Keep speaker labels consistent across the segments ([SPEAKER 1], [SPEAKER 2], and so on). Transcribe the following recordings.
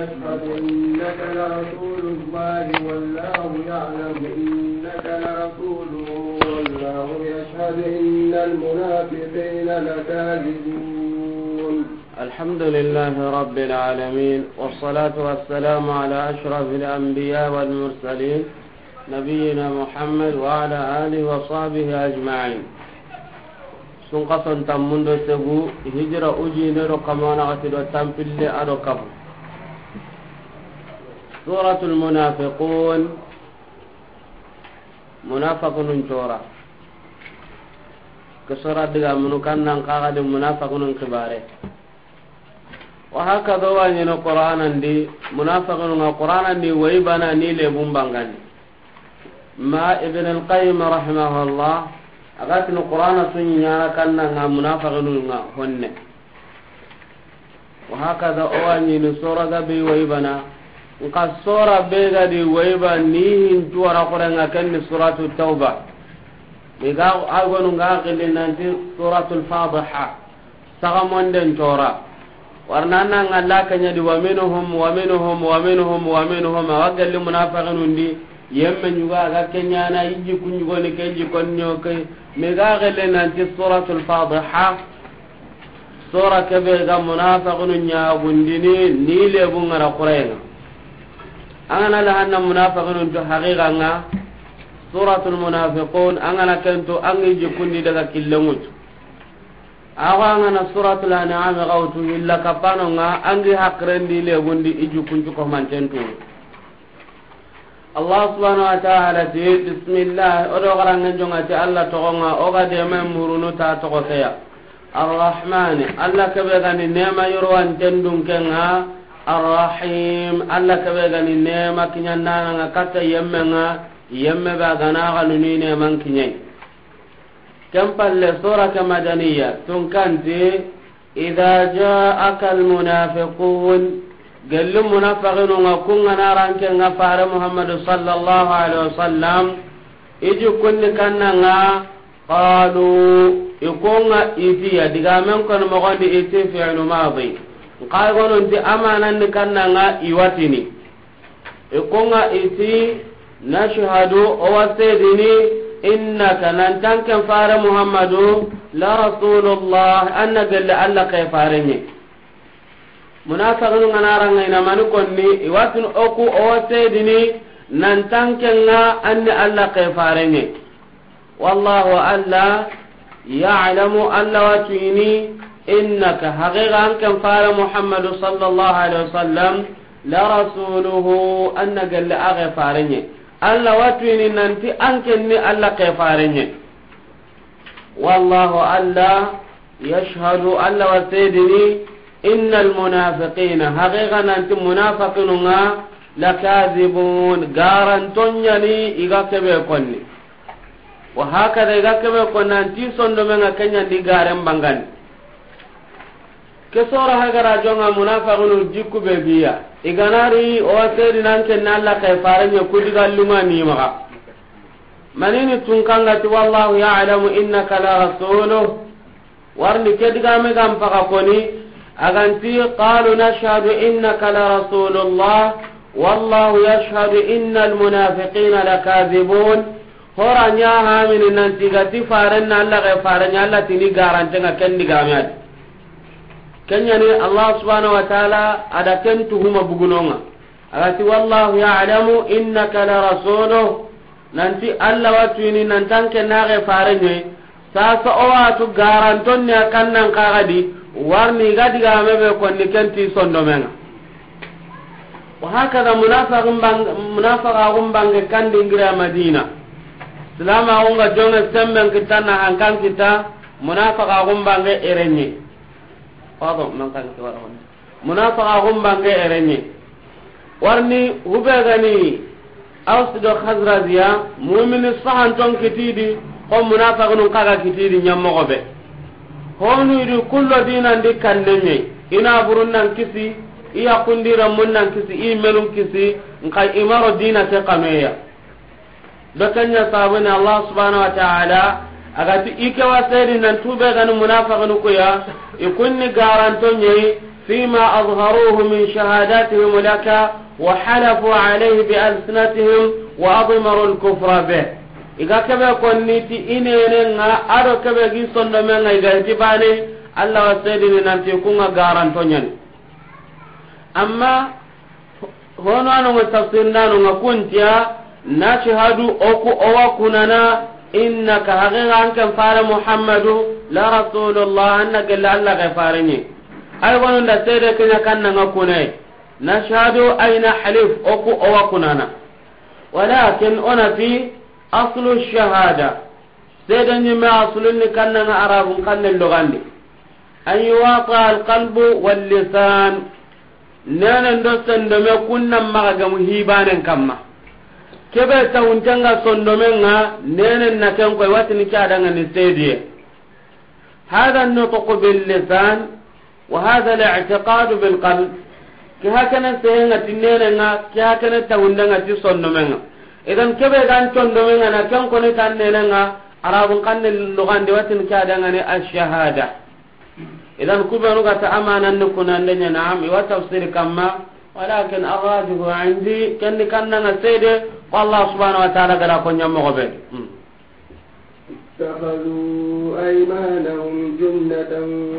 [SPEAKER 1] تشهد إنك لرسول الله والله يعلم إنك لرسوله والله يشهد إن المنافقين لكاذبون
[SPEAKER 2] الحمد لله رب العالمين والصلاة والسلام على أشرف الأنبياء والمرسلين نبينا محمد وعلى آله وصحبه أجمعين sun kason tammundo segu hijira uji ne do kamana gati do tampille ado kabu سورة المنافقون منافقون شورى كسورة دقا منو كان نقاقد منافقون كباري وهكذا وانين قرآنا دي منافقون قرآنا دي ويبنا نيلي بمبانغاني ما ابن القيم رحمه الله agatini qur'ana sunyi ñana kanna nga munafakinunga honne wahakada owañini soraga be waybana nka sora be gadi waiba ni hintuwara korenga kenni suratu tauba iga agonu nga akili nanti suratu saka sagamonden tora warnana nga lakanyadi wa minhum wa minhum wa minhum wa minhum awa gelli munafiqinundi yemme ñuga aga keñana i jikkunjugoni ke jikonñoke miga gelle nanti suratu lfadiha sora kebe ga munafiqinu ñagundini ni lebu ngara kurenga angana lahanna munafiqun to haqiqa nga suratul munafiqun angana kento angi jikundi daga killengut awa angana suratul an'am gautu illa kapano nga angi hakrendi le gundi ijukunju ko mantentu Allah subhanahu wa ta'ala ti bismillah odo garanga jongati Allah togonga oga de men murunu ta togoteya rahman Allah kebe ni nema yorwan tendun kenga arrahim allah kebe gani nema kiñandananga katta yemmenga yemme be agana ganuni neman kiñayi ken palle sora ke madaniya tun kanti ida jaaka almunafiqun gelli munafakinunga kunganarankega fare muhammadu nka gononti amananni kannanga iwatini ikonga iti nashhadu owasedini innaka nan tanken fare muhammadu la rasulullah anna gelle allah kay farenye munafaqinu nganarangaina mani konni iwatin oku owasedini nan tankenga anni allah kay farenye wallahu allah ya'lamu allah watini inna ka haqiqa ankan fara muhammadu sallallahu alaihi wasallam la rasuluhu annaka la aga farinye alla watu ni nanti ankan ni alla ka farinye wallahu alla yashhadu alla wa sayyidini innal munafiqina haqiqa nanti munafiqununga lakazibun garantonya ni igakebe konni wa hakada igakebe konnanti sondomenga kenya ndi garen bangani ke sora hagara jonga munafiqun jikku be biya iganari o seri nan ken nalla kay faranya kudiga lunga ni maka manini tunkanga ti wallahu ya'lamu innaka la rasuluhu warni kediga me gam paka koni aganti qalu nashhadu innaka la rasulullah wallahu yashhadu innal munafiqina lakadhibun horanya hamini nanti gati faran nalla kay faranya alla tini garante ga kendiga kenyani allah subhanahu wa ta'ala ada huma bugunonga agati wallahu ya'lamu innaka la rasuluh nanti allah watini nantanke naxe farenye sasa o watu garanton a kannan kaxadi warni gadigame mebe konni kenti sondomenga wahakada munafakaxum bange kandingira madina silamaxunga jonge sembe kittanna hankan kita munafakaxum bange erenye fado man kan ke wara munafaqa hum bange erenye warni hubegani aus do khazraziya mu'mini sahan ton kitidi ko munafaqa nun kaga kitidi nyammo gobe honu du kullu dinan di kannenye ina burun nan kisi iya kundira mun nan kisi i melun kisi nka imaro dina te kameya do kanya sabana allah subhanahu wa ta'ala agati ikewa sedi nan tube gani munafaqinu kuya ikunni garanto nyei fima azharuhu min shahadatihim laka wa halafu alayhi bi alsinatihim wa admaru alkufra be iga kebe konniti inene nga ado kebe gi sondome nga iganti bane allah wa sedini nanti kunga garanto nyani amma hono anu tafsir ya na shahadu oku owa kunana innaka haqiqa an kan fara muhammadu la rasulullah anna galla allah ga farani ay wonon da sede kenya kan nan kunai nashhadu aina halif oku owa kunana walakin ona fi aslu shahada sede ni ma aslun ni kan nan arabun kan nan lugandi an yuwaqa alqalbu kunnan kamma kebe tawuntenga nga nenen na ken koy watini cadangani sediye hada nutuku billisan wa hada Ki bilqalb ke hakene sehenga ti ki ke ta tawundenga ti nga. idan kebe gan condomenga na ken koni tan nenenga arabun kanne lugande watini cadangani ashahada idan ta kubenugata amananni kunandenya naam iwa tafsir kamma walakin arrajihu indi kenni kannanga sede ko allah subhanahu wa taala gara ko ñammoxoɓe
[SPEAKER 1] اتخذوا أيمانهم جنة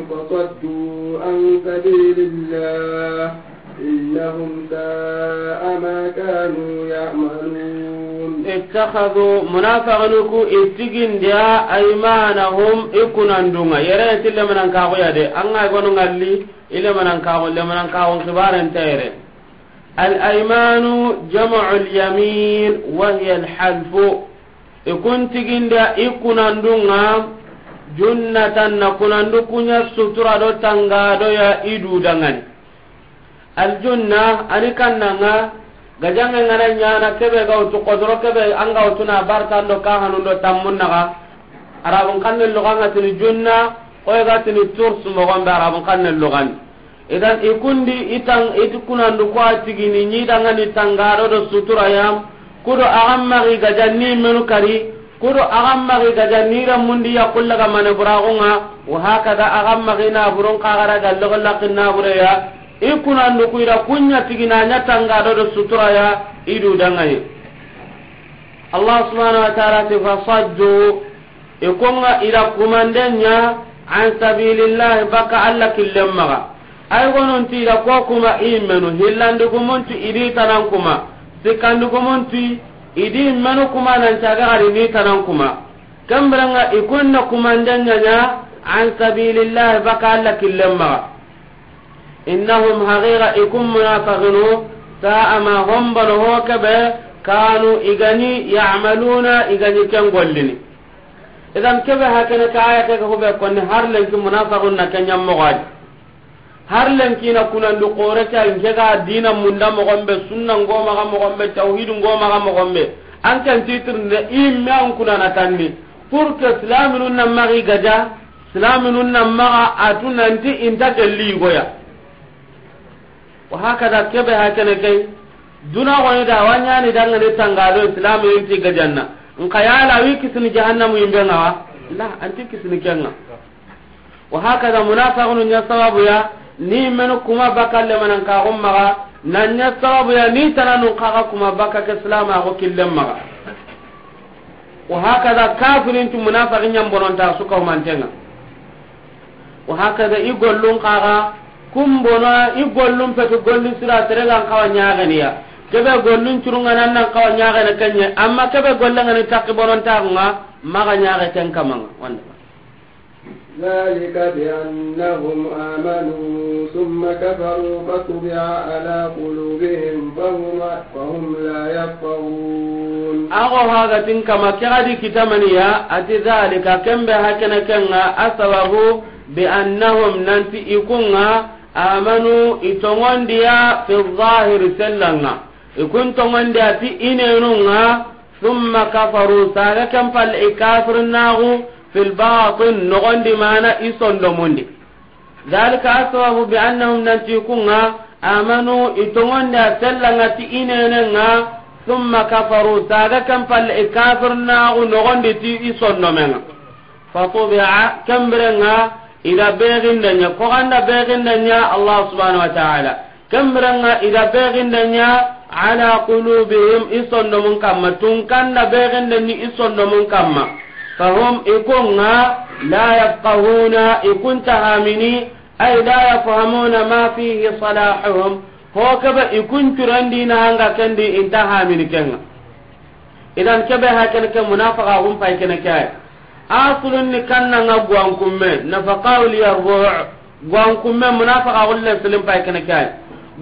[SPEAKER 1] فصدوا عن سبيل الله إنهم ساء ما كانوا يعملون
[SPEAKER 2] اتخذوا منافقنكو اتقن ديا أيمانهم إكنا ندونا يرأيت اللي من أنكاغو يدي أنا يقولون قال لي اللي من أنكاغو اللي من أنكاغو كبار انتيري الأيمان جمع اليمين وهي الحلف يكون تجينا يكون عندنا جنة نكون عندك نسطرة تنقادو يا إدو دعاني الجنة أنا كنا نا جان عنا نيانا كبع أو تقدر كبع أنا أو تنا بارتا نكاه نو تامون نعا أربعون كان اللغة تني جنة أو يغتني ترس مغامرة أربعون كان اللغة idan ikundi itang itukunandu ko atigini ñidangani tangaro do suturayam kudo axan maxi gaja ni menu kari kudo axan maxi gaja niramundi yaqullaga maneburaxunga wahakada axan maxi naburon kaxara gallogo laqin nabureya i kunandu kuida kunñatiginaña tangado do suturaya idudangayi allah subhanau wa taala ti fasaddu ikonga ida kumandenya an sabilillah baka allah killen ay gononti da ko kuma imenu hillandi gumunti idi tanan kuma sikandi gumunti idi menu kuma nan caga ari ni tanan kuma kambranga ikunna kuma ndanganya an sabilillah baka alla killemma innahum hagira ikum munafiqun sa'a ma hum bano hokabe kanu igani ya'maluna igani ken gollini idan kebe hakene ka ayata ko be konni har lenki munafiqun na kenyam mogadi har lenkina kunandi koreta nke ga dina munda mogonɓe sunna ngomaga mogonɓe tawhidu ngomaga mogonɓe an kan titirnde imme an kunana tanni pour que silaminu nammagi gaja a nammaga atu nanti inta gelliyigoya wa hakada keɓe ha kene kay duna goni da wa ñani dangani tangado silamininti gajanna nkayala wi kisini jahannamu yimɓengawa la anti kisini kenga wa hakada sababu sababuya ni menu kuma baka le manan ka gumma nanya sababu ya ni tananu kaga kuma baka ke salama ko killem maga wa hakaza kafirin tu munafiqin yan bononta su ka mantenga wa hakaza igollun kaga kum bona igollun petu gollun sira teregan kawa nyaganiya kebe gollun turunga nan nan kawa nyagana kenye amma kebe gollanga ni takki bononta nga maga nyaga ten kamanga wanda
[SPEAKER 1] ذلك بأنهم آمنوا ثم كفروا فطبع على قلوبهم فهم, فهم لا يفقهون
[SPEAKER 2] أغو هذا تنك تنكما كغدي كتمنيا أتي ذلك كم بهكنا كنا أسبب بأنهم ننتي إكونا آمنوا ديا في الظاهر سلنا إكون ديا في إنينونا ثم كفروا سالكم فالإكافر ناغو fil batin nogondi mana isondomondi dhalika asbabu bi annahum nantikunga amanu itongonde a sellangati inenenga summa kafaru saga kam palle e kafirnaku nogondi ti isondomenga fatubiha kembirenga ida begindanya koganda begindanya allah subhanahu wa ta'ala kembirenga ida begindanya ala qulubihim isondomun kamma tunkanda begindanni isondomun kamma فهم يكون لا يفقهون يكون تهامني أي لا يفهمون ما فيه صلاحهم هو كبا إكون ترندي نهانغا كندي انتهى من كنا إذا كبا هكذا كمنافقة هم فاي فايكنا كاي أصل كنا نقوانكم من نفقاو ليربوع قوانكم من منافقة ولا سلم فاي فايكنا كاي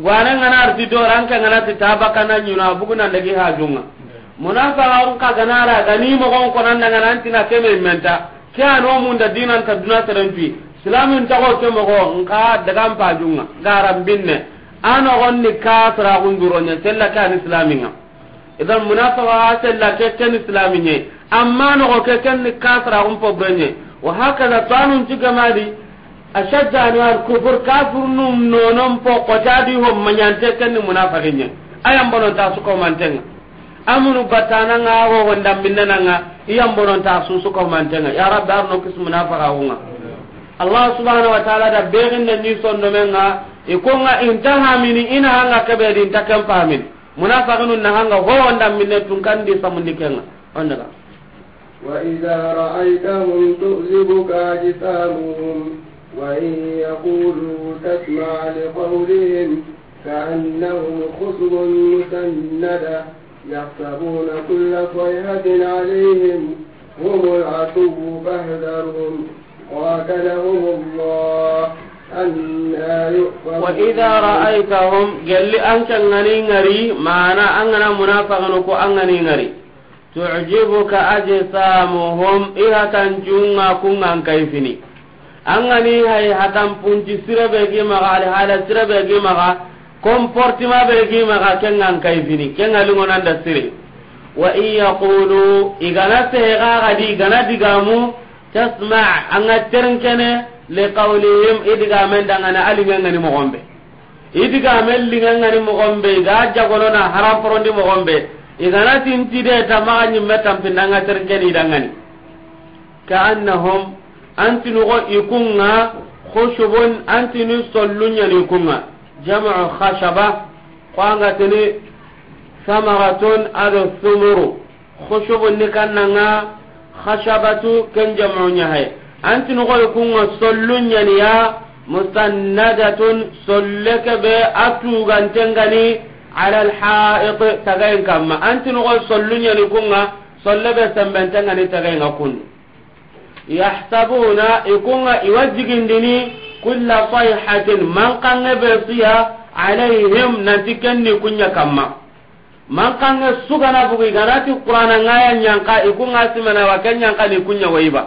[SPEAKER 2] gwanen ngana arti do ranka ngana ti tabaka na nyuna munafiqun ka ganara gani mo gon ko nan daga nan tina keme menta ke ano mun da dinan ta duna taran fi islamin ta ko ke mo gon ka daga pa junga garam binne ano gon ni ka tra gun duro nya tella ka ni islaminga idan munafiqa tella ke ken islaminye amma no ko ke ken ni ka tra gun po benye wa hakala tanun tigamadi ashadda al kufur kafir num nonon po jadi ho manyante ken munafiqinye ayam bonon ta su ko mantenga amunu batana nga wo wanda minna nga iya mboron ta susu ko mantenga ya rabbi arno kismuna faqahunga allah subhanahu wa ta'ala da begin da ni sonno menga e ko nga intaha mini ina nga kebe din takam pamin munafaqun na hanga wo wanda minna tun kan di samundi kenga onda
[SPEAKER 1] wa idza ra'aytahum tu'zibuka jisamuhum wa in yaqulu tasma'u li qawlihim كأنهم khusbun mutannada يحسبون كل صيحة عليهم هم العدو فاهذرهم قاتلهم الله
[SPEAKER 2] وإذا رأيتهم جل أنك غني غري معنى أننا منافق نكو أنني غري تعجبك أجسامهم إها تنجونا كنا كيفني أنني هاي هتم بنتي سربة جمعة على حالة سربة جمعة comportement be gi ma ka kengan kai fini kenga lungo nan da sire wa iya yaqulu igana se ga ga di igana digamu tasma an ga ternkene li qawlihim idiga men dangana ali ngani mo gombe idiga men lingani mo gombe ga jagolona haram porondi mo gombe igana tinti de tamaga nyimme tampinanga ternkene idangani ka annahum antinu go ikunga khushubun antinu sollunya ni kunga jam'u khashaba qangatini samaratun ado sumuru khushubun ni kannanga khashabatu ken jam'u nyahay antin goy kunga sollun nyaniya musannadatun solleke be atugantengani ala alhaiq tagayen kamma antin goy sollun nyani kunga sollebe sembentengani tagayen kunni yahsabuna ikunga iwajigindini kulla sayhatin man kange be siya alaihim nanti kenni kunya kamma man kange sugana bugu iganati qur'ana ngaya nyanka ikunga simana wa kenya ni kunya waiba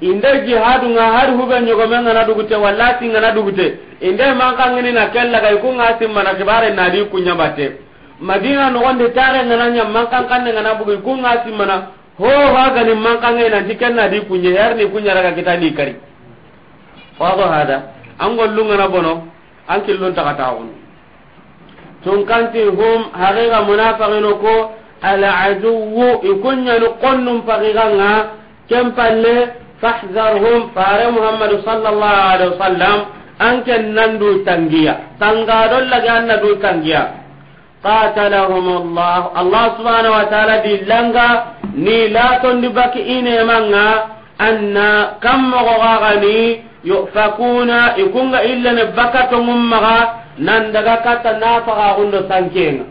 [SPEAKER 2] inde jihadu nga har hube nyogo menga na dugute wallati nga na dugute inde man kange ni na kella ga ngasi mana kibare na di kunya bate madina no wonde tare nga nanya nyam man kange nga na bugu ngasi mana ho ha gani man kange na kenna di kunya ni kunya raga kita ni kari wago hada an gollungana bono an killun tun kanti hum haqiqa munafiqino ko aladuwu ikunyani qonnum faqiqanga ken palle fahzarhum fare muhammadu sallallahu alaihi wasallam an ken nandu tangiya tangadon lage an nadu tangiya qatalahum allah allah subhanahu wa ta'ala ni baki anna kammogoxaxani yufakuna ikunga illa ne bakato mummaga nan daga kata na faga gundo sankenga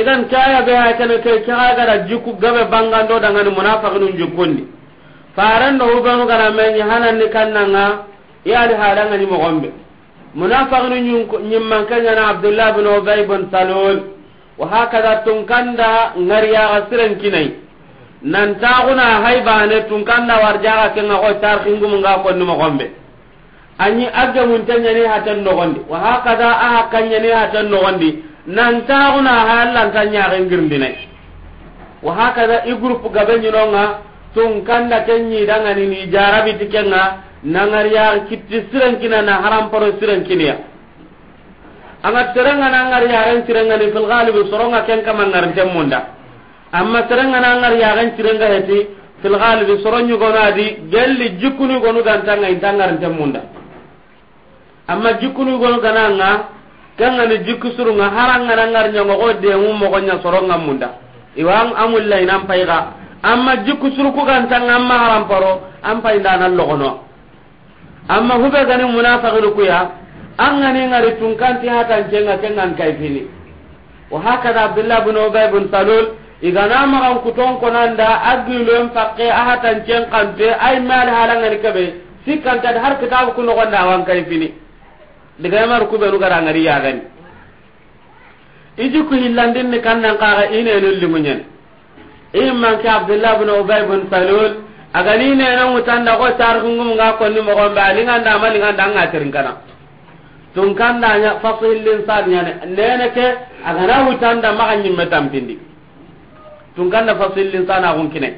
[SPEAKER 2] idan kaya be ha kana ke kaya gara jikku gabe bangando daga ni munafiqun jikkunni faran do ubanu gara men hanan ni kannanga ya ri haranga ni mogombe munafiqun nyimman kanya na abdullah bin ubay bin salul wa hakada tunkanda ngariya asiran kinai nan taxuna hay bane tun kanna warjaxa kenga xo tarxingumunga konni moxonɓe añi a ne ñani no noxondi wa hakada a hakka ñani no noxondi nan taxuna hay allanta ñaxengirndinay wa hakada i groupe gabe ñinonga tun kanna ken danga ni jarabiti kenga ya kitti kina na haramparo sirenkiniya anga terengana ya ren ni fil ghalib soronga ken kama ngarnten munda amma terenga na ngar ya gan tirenga heti fil ghalib soronyu gono adi gelli jikunu gono gantanga intangar ntemunda amma jikunu gono gananga kanga ni jikku surunga haranga na ngar nyongo go de mum mo gonya soronga munda iwang amulla inam paiga amma jikku suruku gantanga amma haram paro am painda nan logono amma hube gani munafiqu kuya an ngani ngari tunkanti hatan jenga kengan kaifini wa hakada abdullah ibn ubay ibn salul igana magan kuton konanda agilen pakke ahatan cen kante ay mal halangani kebe sikkanta har kitabu ku nogonda awan kay fini diga mar ku be rugara ngari ya gani iji ku hillandin ni kannan kaga ine ne limunyen imman ki abdullah ibn ubay ibn salul agani ne nan mutanda ko tar gungum ga ko ni mogon ba lingan da malingan da ngatirin kana tun kan da nya fasilin sad nya ne ne ke agana mutanda maganyin metampindi tun na fasilin sana kun kine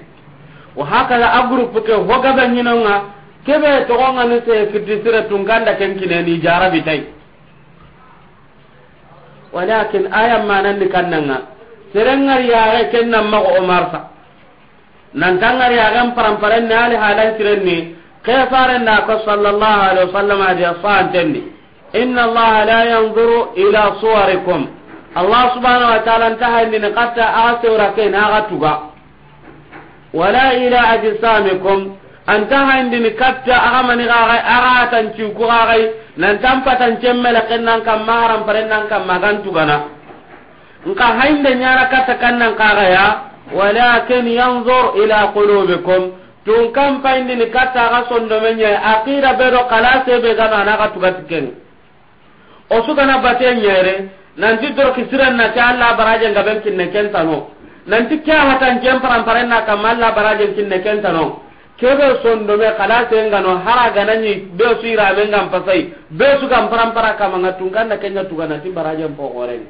[SPEAKER 2] wa haka la agrup ke hoga ba nyinonga kebe to gonga ne se fitisira tun kan da ken kine ni jarabi tai walakin ayam manan ni kannanga serengar ya ga ken nan ma ko marsa nan tangar ya ga paramparan ne ali halan tiren ni kefaren na ko sallallahu alaihi wasallam adiya sa'an tenni inna allah la yanzuru ila suwarikum allah subhanahu wa ta'ala ntahayndini katta aga sewra kena aga tuga wala ila ajsamikum antahayndini katta agamani gaxay aga tanciku gaxay nantan patancemmele kennan kamma haranparennan kamma gantugana nka haynde ñana katta kannan kaxaya walakin yanzur ila qulubikum tun kam payndini katta aga sondomeñe aqida ɓeɗo kala seɓe gano ana aga tugati ken o sugana bate ñere nanti doroki siran na ta Allah barajen ga ben kinne kenta no nanti ke hatan jem paramparen na kam Allah barajen kinne kenta no kebe sondo me kala senga no hara ni be su ira men gam pasai be su gam parampara kam ngatungan na kenya tugana ti barajen po goren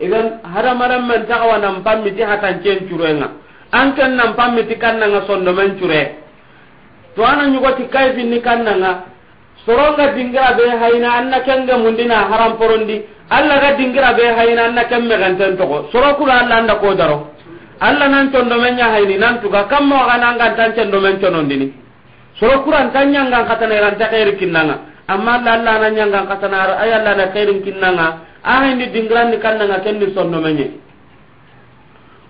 [SPEAKER 2] idan hara maram men ta wa nan pam miti hatan cen curenga an kan nan pam miti kan nan sondo men cure to ana nyugo ti kai bin ni kan nan poronga dingira be hayna anna kenga mundina haram porondi alla ga dingira be hayna anna kemme ganten togo soro kula alla anda ko daro alla nan tondo menya hayni nan tuga kammo ga nan ga tan tondo men tonondini soro kuran tanya ngan katana ran ta kairi kinnanga amma alla alla nan nyanga katana ay alla na kairi kinnanga ahay ni dingiran ni kan kannanga kenni sonno menye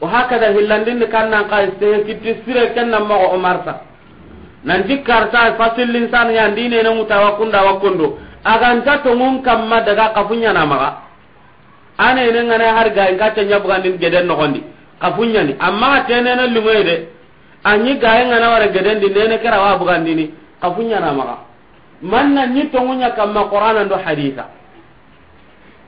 [SPEAKER 2] wa hakada hillandin kan kannan ka istehki tisire kenna mago omarta nan ti karta fasillin san ya ndine na muta wa kunda wa kundo agan ta to mun kam ma daga kafunya na maka ane ne ngane har ga in kata nya bukan din geden no kondi kafunya ni amma ta ne na lumai de anyi ga en ngana wara geden din ne kera wa bukan din ni kafunya na maka man na ni to munya kam ma qur'ana do haditha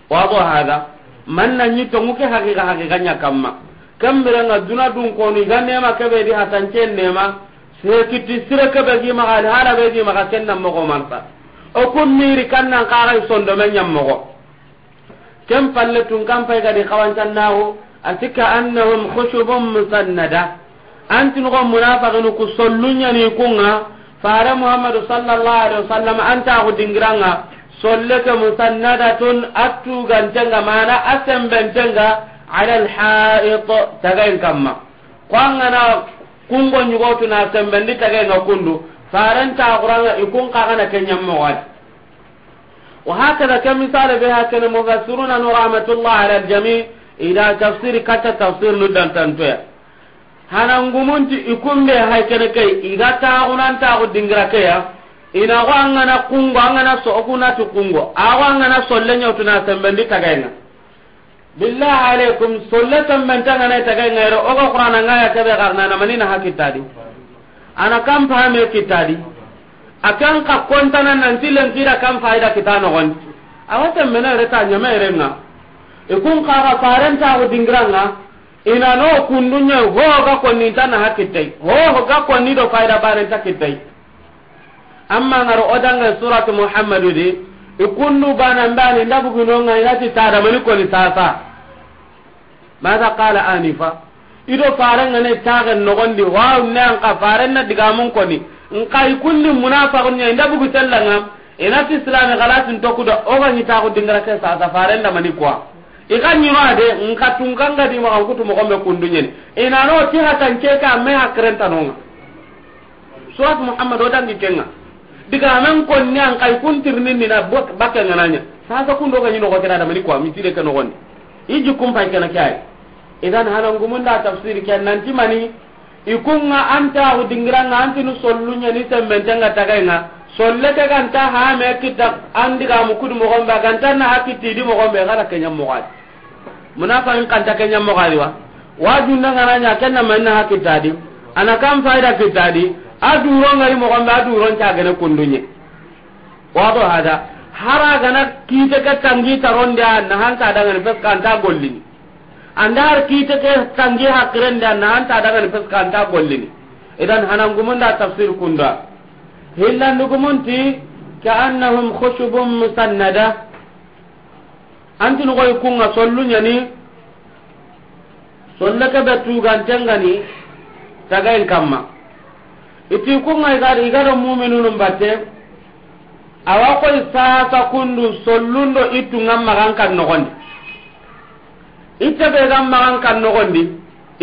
[SPEAKER 2] wa bo hada man na ni to muke hakika hakika nya kam ma kam mere ngaduna dun ko ni ganne ma kebe di hatan cen ne ma seekiti sireke be gima ga hala be gima ga kenna mogo manta o kun miri kannan kaga sondo men nyam mogo kem palle tun kam pay gadi kawantan nawo atika annahum musannada ku kunga wasallam solleke musannadatun mana ala tagain kamma kungo nyugotu na sembendi tage na kundu faran ta qur'ana ikun qagana kenya mawad wa hakada kam misal be hakana mufassiruna nu rahmatullah ala aljami ila tafsir kata tafsir nu dan ya hana ngumunti be hakana kai iga ta quran ta ku dingra ke ya ina ko angana kungo angana so kunatu kungo awa angana sollenya utuna sembendi na billah alaikum solle tomben ta taga ngayro oga qur'ana ngaya kebe garna na manina hakitadi ana kam pahame kitadi akan ka kontana nan tilen kira kam faida kitano gon awata mena reta nyame renga e kun ka ka parenta ko dingranga ina no kundunya ho ga konni tana hakitai ho ga konni do faida barenta kitai amma ngaro odanga suratu muhammadu de. ikundu banandani ndabuginonga inati tadamani koni sasa maza qala anifa ido farengane tagen nogondi waw ne anka farenna digamun koni nka ikundi munafakunya indabugu tellanga inati islami galatin tokuda oga hitaku dingirake sasa farendamani kuwa iga ñima de nka tunganga di maxa nkutu moxome kunduñeni inano ti hatan ke ka me ha kerentanonga surat muhammad o dangi kenga diga nan kon ni an kai kun tirnin ni na bakka ngananya sasa kun doga hino ko kira da mani ko mi tire kan gon iji kun pan kana kai idan halan gumun da tafsir kan nan ti mani ikunga anta udingiranga antinu sollunya ni tembentenga tagainga sollete ganta hame kita andiga mukudu mogombe ganta na hakiti di mogombe gara kenya mogadi munafa in kanta kenya mogadi wa waju nanga nanya kenna manna hakitadi ana kam faida kitadi a duro ngari mo gombe a duro nta gana kundunye wado hada hara gana kite ka tangi taron da na hanta daga ni feska anta gollini anda har kite ka tangi hakrende da na hanta daga ni feska anta gollini idan hanan gumunda tafsir kunda hillan dugumunti كأنهم خشب مسندة أنت نقول كونا صلوا يعني صلك بتوغان تنغني تغين كما iti kunga igari igaro muminunum batte awa koy sasa kundu sollundo ittu ngam magan kan nogondi itte be gam magan kan nogondi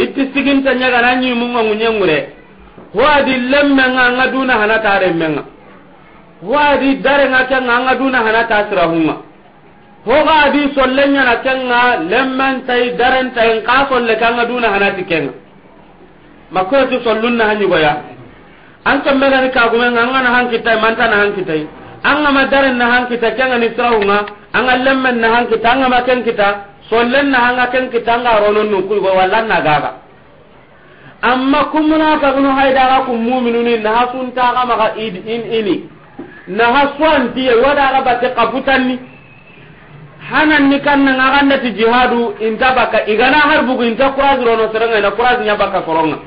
[SPEAKER 2] itti siginta nyaga na nyi munga ngunyengure wadi lemme nga nga duna hana tare menga wadi dare nga ke nga nga duna hana tasra hunga hoga adi sollenya na kenga lemmen tay daren tay ka solle ka nga duna hana tikenga makoy tu sollunna hanyi goya an kan mega ni ka gume nga ngana han kita man na han kita an ga madaran na han kita kan ni nga an ga lemmen na han kita an ga maken kita sollen na han ga kan kita ga ronon nuku ku go na gaga amma kumuna ka gunu haida ga kum mu'minuni na hasun ta ga ma id in ini na hasuan tiye wada ga kaputan ni hanan ni kan na ga ti jihadu inta baka igana har inta kuraz rono serenga na kuraz nya baka koronga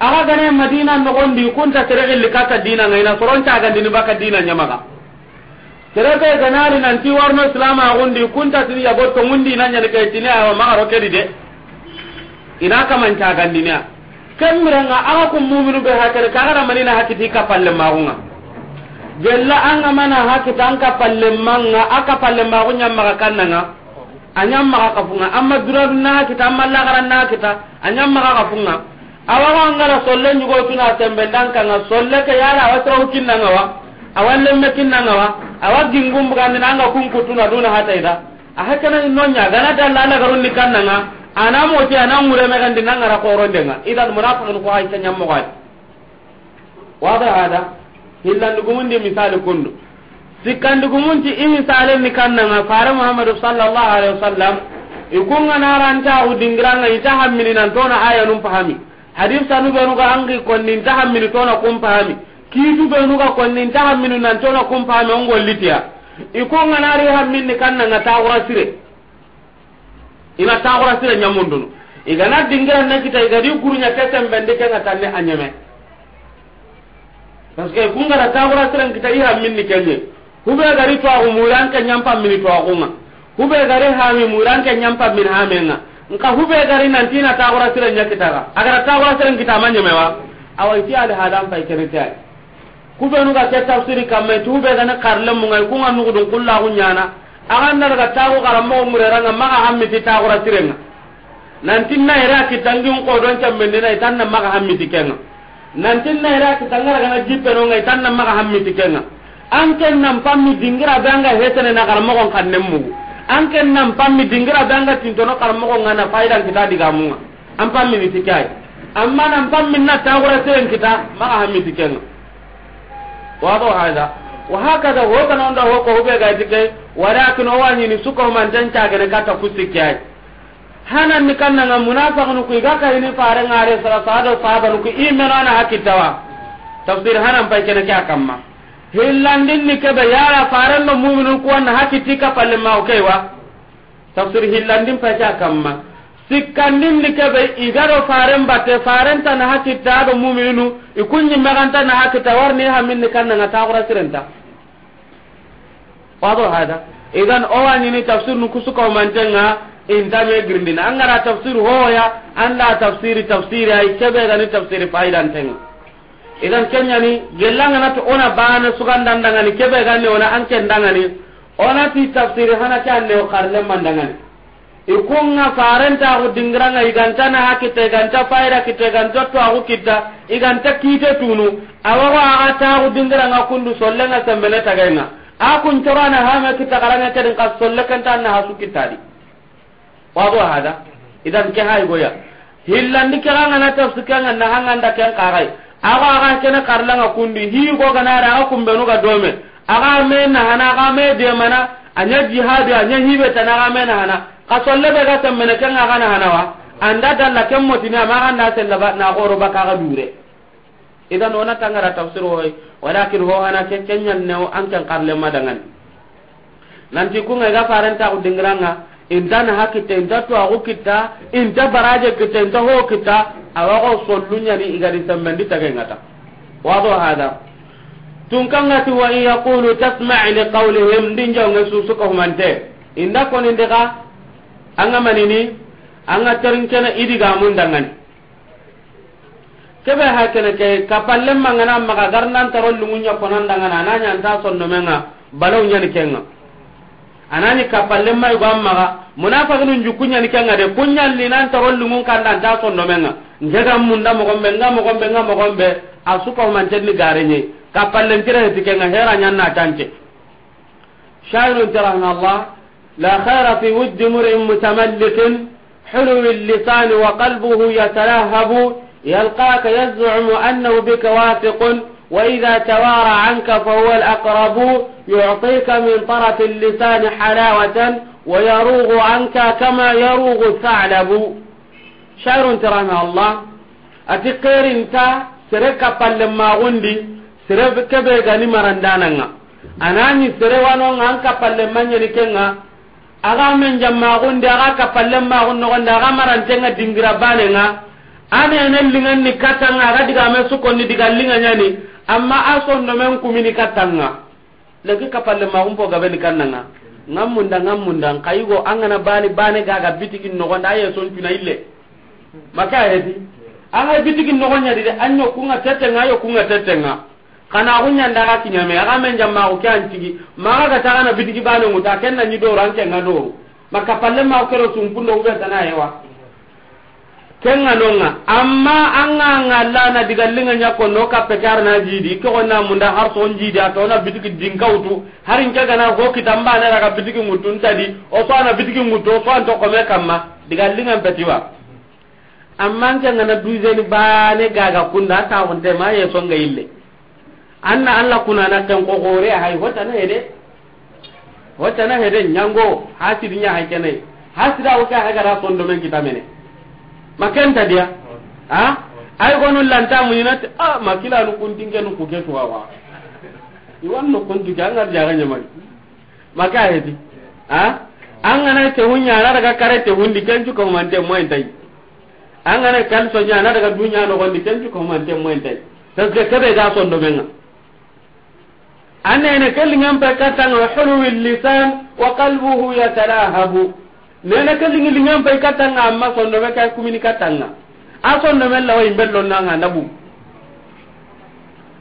[SPEAKER 2] aga gane madina nogondi kunta seregilli kata dina ngaina soroncagandini baka dina tere serebe ganari ti warno islam agundi kunta tini yago tongundi inanyani kaitini awa magaro kedi de ina kamancagandiniya nga aga kun muminu be ka kagara manina hakiti ka kapalle magunga gella ga mana hakita an ka kapalle manga aka palle magu kanna kannanga a ñammaga kafunga amma na hakita amma na hakita a ka kafunga awa ngana solle nyugo tuna tembe danka nga solle ke yara awatra ukinna nga wa awalle mekinna nga wa awa gingum bugandi nanga kunku tuna duna hata ida aha kana nonya gana dalla ala garun nikanna nga ana mo ti ana mure me gandi nanga ra ronde nga idan munafiqun ko hay tanya mo gal wada hada hillan dugumundi misal kundu sikkandu gumunti imi salen nikanna nga fara muhammadu sallallahu alaihi wasallam ikunga naranta udingranga ita hammini nan tona aya num hadim sanu be nuga angi konni ntaha minu tona tu be nuga ga konni ntaha minu nan tona kumpahami on gollitiya ko nganari hamminni kanna nga taxura sire ina taxura sire ñamundunu igana dingira na kita gadi gurunya tetem bende ke nga tanne anyeme parce que kunga na taxura sire kita i ni kenye hube gari twaxu muranke ñampa mini twaxunga hube gari hami muranke nyampa min hamenga nka hube gari nan tina ta gora siren nya kitaga agara ta gora siren kita manya mewa awai ti ala hadan pai kerita kube nu ga ke tafsiri kamme tu hube gana karle mun ngai kunga nu gudun kullahu nyana agan na daga ta go garamo mure ranga ma ga hammi ti ta gora siren nan tin na ira ki tangin ko don chambe ne na tan na ma ga hammi ti kenga nan tin na ira ki tangara na jippe no ngai tan na ma ga hammi ti kenga an ken nan pammi dingira banga hetene na garamo kon kanne mugu an ken nan pammi dingira danga tintono karmogo ngana faida kita digamunga an pammi ni tikai amma nan pammi na tagura sen kita maka hammi wa do hada wa hakada ho kana onda ho ko hube ga tikai walakin o wani ni suko man tan tagere kata kusikai hanan ni kan nan munafiqun ku ga ka ni fare ngare sara sada sahaba ku imena na wa tafsir hanan pai kenaka kamma hillandin ni kebe yala faran no mu'minun ko na hakiti ka palle ma o kewa tafsir hillandin pa ta kamma sikkandin ni kebe igaro faran batte faran ta na hakita do mu'minunu ikunni maganta na hakita warni hamin ni kanna ta qura sirenta wado hada idan owa ni ni tafsir nu kusuka mantenga intame girndina angara tafsir hoya anda tafsiri tafsiri ay kebe ga ni tafsiri faidan tenga idan kenyani gellangana to ona bana sugandandangani kebe ganne ona anken dangani ona ti tafsiri hana ke anne o karle mandangani ikunga farenta ko dingranga iganta na hakite iganta faira kite iganta to aku kita iganta kite tunu awawa agata ko dingranga kundu sollenga sembele tagaina akun corana hame kita karanga kedin kas solle kanta na hasu kitadi wado hada idan ke hay goya hillandi keranga na tafsiranga aga aga kene karla nga kundi hi go ganara aga no ga dome aga me na hana aga me de mana anya ya anya hibe tana aga me na hana solle be ga tammene ken aga na hana wa anda dalla kem motini ama ga na sella ba na ro ba ka dure idan ona tangara tafsir hoy walakin ho hana ken nyal ne an kan karle dangan nanti ku ga faranta dingranga inta na hakita inta to ago kita inta baraje kita inta ho kita awago sollunya ni igari sembendi tagangata wado hada tunkangati wa in yaqulu tasma' li qawlihim dinja ngasusu ko humante inda ko ni ndega anga manini anga terinkena idiga mun dangani kebe hakene ke kapallem mangana maga garnan taron lungunya konan dangana nanya anta sonno menga balaw nyani kenga anani kapalle mai gwammaga munafiqun njukunya ni kanga de kunya ni nan tarollu mun kan dan ta sonno menga ngega mun da mo gombe nga mo gombe nga mo gombe asuka man tenni garenye kapalle ntire ti kanga hera nyanna tanche shairu tarahna allah la khaira fi wujdi mur'in mutamallikin حلو اللسان وقلبه يتلهب يلقاك يزعم أنه بك واثق وإذا توارى عنك فهو الأقرب يعطيك من طرف اللسان حلاوة ويروغ عنك كما يروغ الثعلب شعر ترانا الله أتقير انت سرك لما غندي سرب بيغاني غني مرندانا أناني سروانو عنك لما يركنا aga men jamma gonde aga palle ma gonno gonde aga tenga dingira nga ane ne lingan ni katanga aga diga me sukon ni diga linga ni amma a sonno men kumini kattanga lagi kapalle magum po gabeni kannanga ngamunda ngammunda kayigo angana bani bane gaga bitigin nogonda aye soncuna ille maka heti anga bitigin nogonyadi de anyo kunga tetenga ayo kunga nga kana kunya ndaga kinyame aga men jamma ko kyan tigi maga ga tagana bitigi bane nguta kenna nyi do ranke ngado maka palle ma ko ro sumpundo ube wa. kenga nonga amma anga ngala na diga nyako no ka pekar na jidi ko ona munda har son jidi ato na bitiki dingautu har inka gana ko kitamba na ka bitiki mutun tadi o fa na bitiki mutu o fa to me kamma diga linga petiwa amma kenga na ba ne gaga kunda ta de ma ye songa ille anna alla kuna na tan ko gore hay hota na hede hota na hede nyango hasidinya hay kenai hasida o ka hagara ra sondo men kitamene makenta dia oh. ha oh. ay gonu lanta mu yinat ah makila nu kuntin kenu ku ke tuwa wa iwan no kuntu ga ngar jaga nyamari maka hedi ha an ngana te hunya na daga kare te hundi kenju ko man te moy tay an ngana kal so nya na daga dunya no gondi kenju ko man te moy tay tas ke kebe ga son do menga anne ne kelli ngam pe katanga hulul lisan wa qalbuhu yatalahabu nene ke lingi lingan pay katanga amma sondo be kay kumini katanga a sondo men lawa imbe lonna nga nabu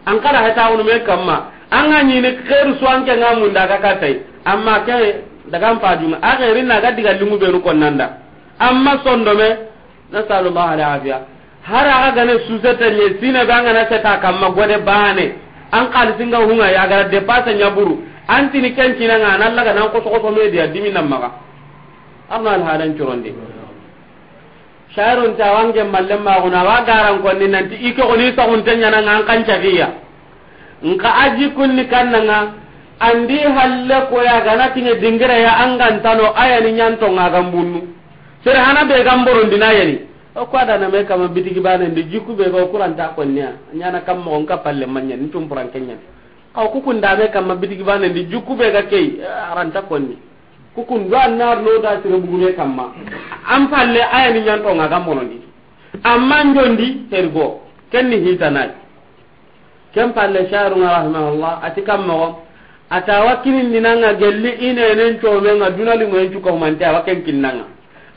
[SPEAKER 2] an kara hata wonu me kamma an ga ni ne khairu suwan ke nga mun daga katai amma ke daga fa juma a khairin na ga diga lingu be ru konnanda amma sondo me nasallallahu alaihi afiya har aga gane susete ne sine be anga na seta kamma gode bane an kalisinga hunga ya gara depasa nyaburu antini kencina nga nan laga nan koso koso me dia dimi nan maga arno al halan curondi shairun ta wange mallan ma guna wa garan konni nan ti iko oni ta untanya nan an kan chafiya nka aji kunni kannanga andi halle ko ya gana tinge dingira ya an gan tano angantano ayani nyanto ngagambunnu sir hana be gamborundi na yani o ko ada na me kama bitigi banen de jikku be ko ta konnya nyana kam mo ngka palle manya ni tum puran kenya aw ku kun da me kama bitigi banen de jikku be ga kei eh, ta konni kukun do annar no da sire bugune kamma am palle aya ni nyanto ngaga monondi amma njondi tergo kenni hitanai kem palle sharuna rahimahullah ati kammo ata wakinin ninanga gelli inenen comenga dunalingoen cukahumante awa ken kinnanga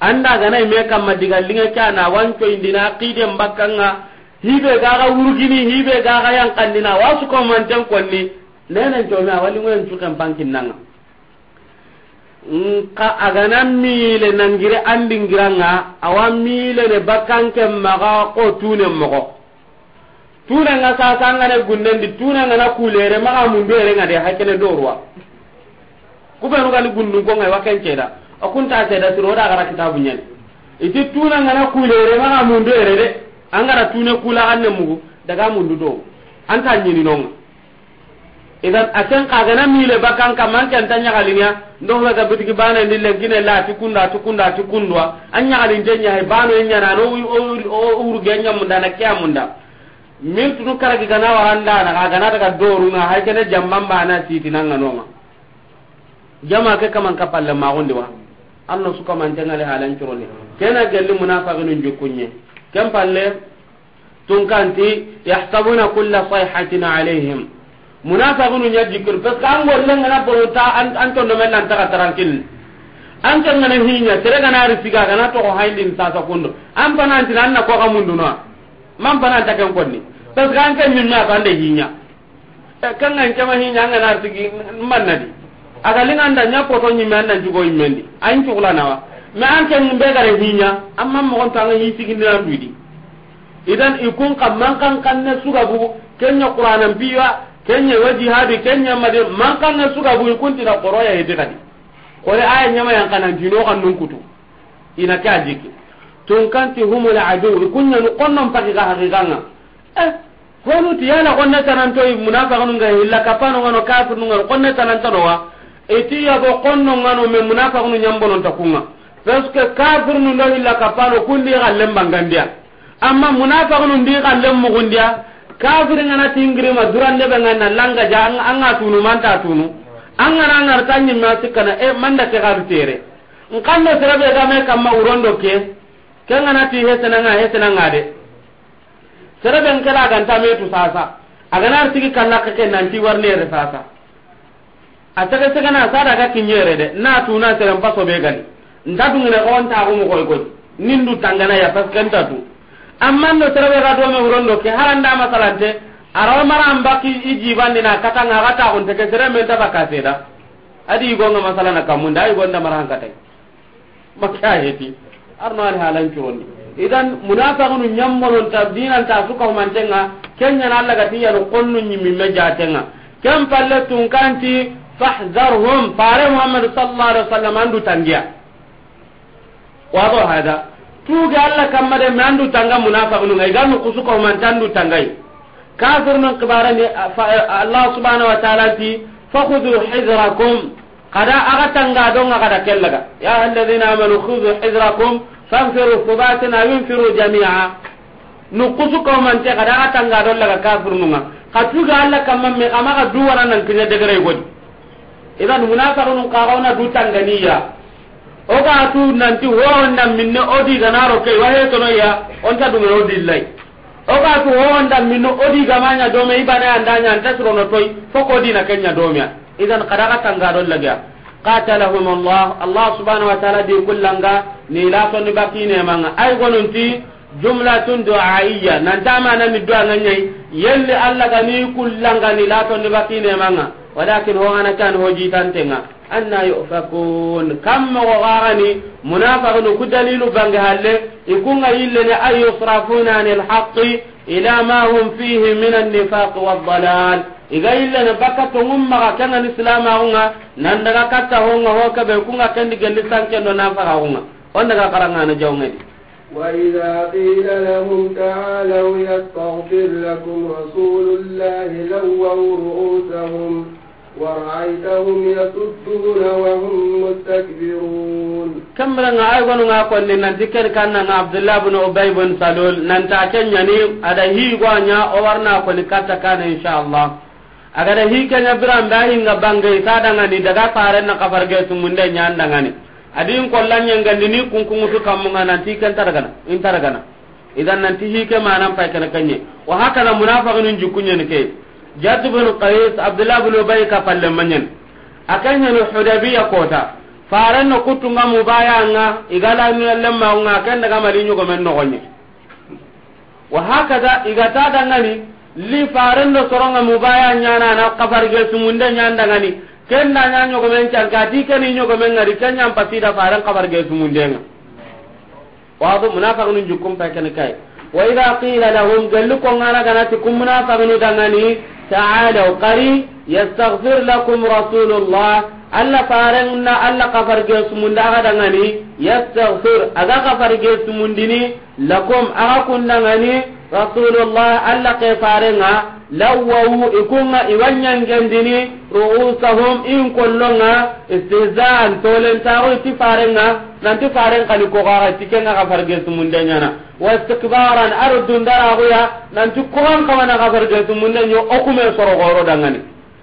[SPEAKER 2] anda ganai me kamma digallinga cana wancoindina kiden bakkanga hibe gaga wurugini hibe gaga yankandina wa sukahumanten konni nenen come awalingoen cuken pankinnanga nka agana miile nangire andingiranga awa miilene bakkankem maga ko tune mogo tunanga sasangane gundendi tunangana kulere maga mundu erengade hakene dorwa kubenugani gundunkonga wa kenceda akunta seda siroda gara kitabu nyen iti tunangana kulere maga mundu erede angara tune kula anne mugu daga mundu do anta nyininonga idan kaga na mile bakan ka man kan tanya kalinya ndo ga ga bitigi bana ni le gine la ti kunda ti kunda ti kundwa anya li jenya he bano e nya na no o uru genya munda na kya munda min tunu kara gi gana wa handa na ga gana daga doru na hay kene jamman bana ti tinan ngano ma jama ke kaman ka palle ma gonde wa anno suka man tangale halan ni kena galli munafiqun jukunye kam palle tunkanti yahsabuna kulla sayhatin alaihim munafaqunu nya jikir parce que an golle ngana ta an an to men nan taka tarankil an kan ngana hinya tere kana risiga kana to ko haylin sa sa kondo an panan tin an na ko kamundu na man panan ta kan konni parce que an kan min na kan de hinya e, kan ngan kama hinya ngana risigi man nadi aga lingan da nya ko to nyi men nan jugo di an na wa me an kan be gare hinya amma mo kon tanga hi sigin na bidi idan ikun kam man kan kan ne suga bu kenya qur'anan biya kenya wa jihadi kenya made man kanna suka bu kunti na ya hede kadi kore aya nyama yang kanan dino kan nun kutu ina ka jiki tun kan kanti humul adu kunya nu konnon paki ga hakiganga eh honu ti yala konna tanan toy munafiqun ga illa kapano ngano kafir ngano konna tanan wa. eti ya bo konno ngano me munafiqun nyambonon takunga parce que kafir nu ndo illa kapano kundi ga lembangandia amma munafiqun ndi ga lemmugundia kafir ngana tingirima durande be ngana langa ja anga tunu manta tunu anga na ngar tanyi ma sikana e manda ke garu tere ngkando serabe ga me kamma urondo ke ke ngana ti hesena nga hesena nga de serabe ngkela ga ta metu sasa agana tigi kala ke ke nanti warne re sasa ataka segana sada ga kinyere de na tuna serem paso be gani ndatu ngene on ta ko mo koy koy nindu tangana ya paskenta tu amman no terebe ga do me do ke haranda masalante arawa mara i jiban dina kata nga kata on te tere men ta bakase da adi go nga masala na kamunda ay gonda mara kata makka heti arno al halan ki woni idan munafiqun nyammolon ta tabdinan ta suka tenga kenya na Allah konnu nyi mi nyimmi mejatenga kam palle tun kanti fahzarhum fare muhammad sallallahu alaihi wasallam andu tangia wa do hada tuge allah kamma de me andu tanga munafiqunu ngai gannu kusuko man tandu tangai kafir non kibara ni allah subhanahu wa ta'ala ti fakhudhu hidrakum kada aga tanga donga kada kellaga ya alladhina amanu khudhu hidrakum fanfiru thubatin aw infiru jami'a nu kusuko man te kada aga tanga don laga kafir nunga katuga allah kamma me kama ka nan kinya degere godi idan munafiqunu qarawna du tanganiya oga tu nanti hoonda minne odi ganaro ke wahe tono ya onta dum ro dillai oga tu hoonda minne odi gamanya dome ibane andanya anta surono toy foko na kenya domya idan qadaga tangaro lagya qatalahum allah allah subhanahu wa ta'ala di kullanga ni la to ni bakine manga ay gonunti jumlatun du'aiyya nan tama nan du'a nan yayi yelli allah gani kullanga ni la to ni bakine manga walakin ho ana kan ho jitantenga anna yufakun kam mo gani munafiqun ku dalilu bange halle ikunga ille ne yusrafuna anil haqqi ila ma hum fihi min an-nifaq iga ille ne baka to umma kan al-islam nan daga katta ho ho ka be kunga kan digelli sanke no na fara daga na jawngedi
[SPEAKER 1] وإذا قيل لهم تعالوا يستغفر لكم رسول الله لووا رؤوسهم ورأيتهم يصدون وهم مستكبرون
[SPEAKER 2] كم رنا أيضا ما قلنا ذكر كان عبد الله بن أبي بن سلول ننتاكن يعني هذا هي وانا أورنا قل كان إن شاء الله agada hikenya biran bahinga bangai sadangani daga farenna kafargetumundenya andangani adin kollan nyangandi ni musu kammunga nanti kan taragana in taragana idan nanti hike manan pay kana kanye wa na munafiqun ne ke jadd bin qais abdullah bin ubay ka palle manyen akanya no hudabiya kota faran no kutunga mubaya nga igala ni lemma nga kan daga mari nyugo men no gonye wa da igata dangani li faran no soronga mubaya nyana na kafar gesu sumunde nyanda ngani ken na nya nyogo men can ka ti ken nyogo men ngari ken nyam pati da faran kabar ge su mun den wa do munafiqun jukum pa ken kai wa idha qila lahum gallu ko ngara gana ti kum munafa munafiqun dangani wa qari yastaghfir lakum rasulullah alla faran na alla kabar ge su sumunda ga dangani yastaghfir aga kabar ge su mun dini lakum aga kun dangani rasulullah alla ke farenga lawwau ikunga iwanyangendini ru'usahum in kollonga istizaan tolen taru ti farenga nanti faren kali ko ga tikenga ga farge sumundenya wa istikbaran ardun daraguya nanti kuran kawana ga farge sumundenya okume soro goro dangani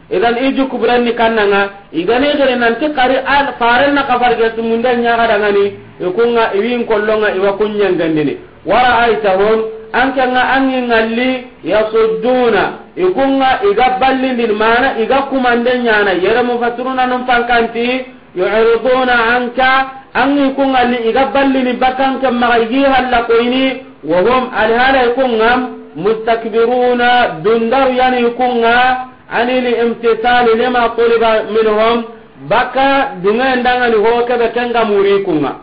[SPEAKER 2] idan iju kubranni kannanga igane gere nanti kari al faren na ka farge sumundenya ga dangani ikunga iwin kollonga iwa kunnyangandini wara'aitahum an kanga angi ngalli yasudduna ikunga iga ballindin mana iga kumande nyana yere mufassiruna num pankanti yu'riduna anka angi kunga li iga ballini bakan kam magaygi halla koini wa hum alhala kunga mustakbiruna dundar yani kunga anil imtisali lima tuliba minhum baka dunga ndangani ho kebe kenga muri kunga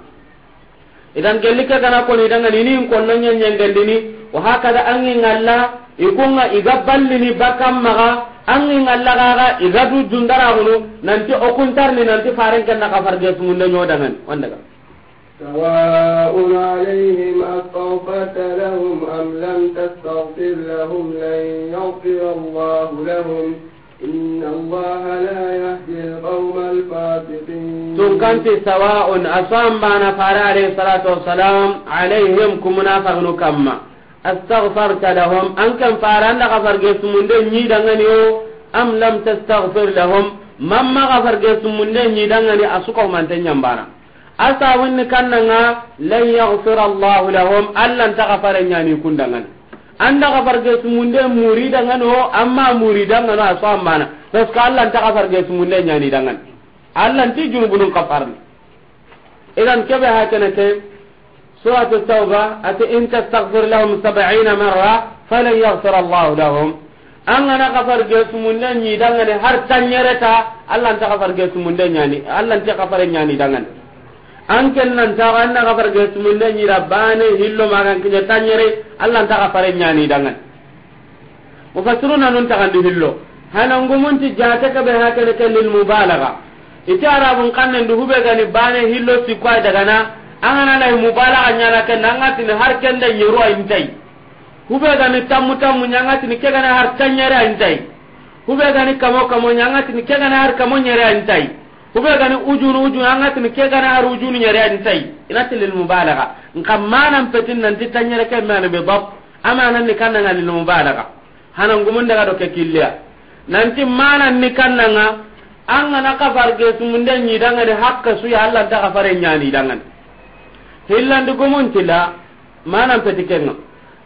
[SPEAKER 2] idan gellike kana koni idanga nini konno nyenyengendini wa hakada angi ngalla ikunga iga ballini bakam maga angi ngalla gaga iga du jundara hunu nanti okuntarni nanti faren kenna kafarge sumunde nyodangan wandaga
[SPEAKER 1] سواء عليهم أستغفرت لهم أم لم تستغفر لهم لن يغفر الله لهم tunkanti
[SPEAKER 2] sawa'un asan bana fara alayhi salatu wassalam alayhim kumuna fagnu kamma astaghfarta lahum an kan fara anda ghafar gesu munde nyi dangani yo am lam tastaghfir lahum mamma ghafar gesu munde nyi dangani asuko man tan nyambara asa wonni kannanga lan yaghfir allah lahum allan ta ghafar nyani kundangani anda ka farge sumunde muri dangan ho amma muri dangan na so amma na to ka Allah ta ka farge sumunde nyani dangan Allah ti junubun kafar ni idan kebe ha kana te suratu tauba ati in tastaghfir lahum 70 marra falan yaghfir Allah lahum an gana ka farge sumunde nyi dangan har tanyereta Allah ta ka farge sumunde nyani Allah ta ka farge nyani dangan an ken nan ta an na kafar ga tumun nan yira bane hillo magan kinya tanyere Allah ta kafare nyani dangan mufassiruna nun ta kandi hillo hanan gumunti jata ka be hakale kalil mubalagha ita arabun kannan du hube gani bane hillo si kwa daga na an ana na mubalagha nyana ken nan atin har ken da yero intai hube gani tammu tammu nyanga tin ke gana har tanyere intai hube gani kamo kamo nyanga tin ke gana har kamo nyere intai kube gani ujunu ujunu an tin ke gana ar ujunu nyare an tai ina tilil mubalagha ngam manan petin nan ti tanyere ke manan be bab amana ni kan nan lil mubalagha hanan gumun daga doke ke killiya nan ti manan ni kan nan an na ka farge sumunde yi danga de hakka su ya Allah ta kafare nyani dangan hillan du gumun tila manan petikenga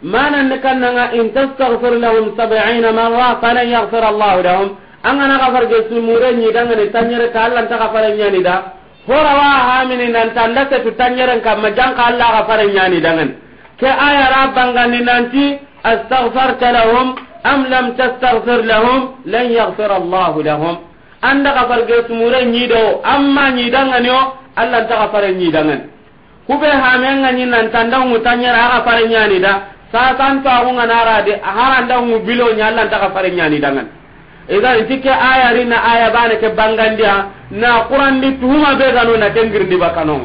[SPEAKER 2] manan ni kan nga in tastaghfir lahum 70 marra falan yaghfir Allah lahum an kafar ka farge simure ni dan ne tanyere ka Allah ta ka nya ni da hora wa ha min nan tan da tu tanyere ka majan ka Allah ka fare nyani dan ke aya rabban ni nanti astaghfarta lahum am lam tastaghfir lahum lan yaghfir Allah lahum anda ka farge simure ni do amma ni dan ne Allah ta ka nya ni dan kube ha men ngani nan tan da mu tanyere ka nya ni da sa tan ta ku ngana ra de da mu bilo nya Allah ta ka fare nyani dan idan tike aya rina aya bana ke bangandia na qur'an di tuhuma be gano na tengir di bakano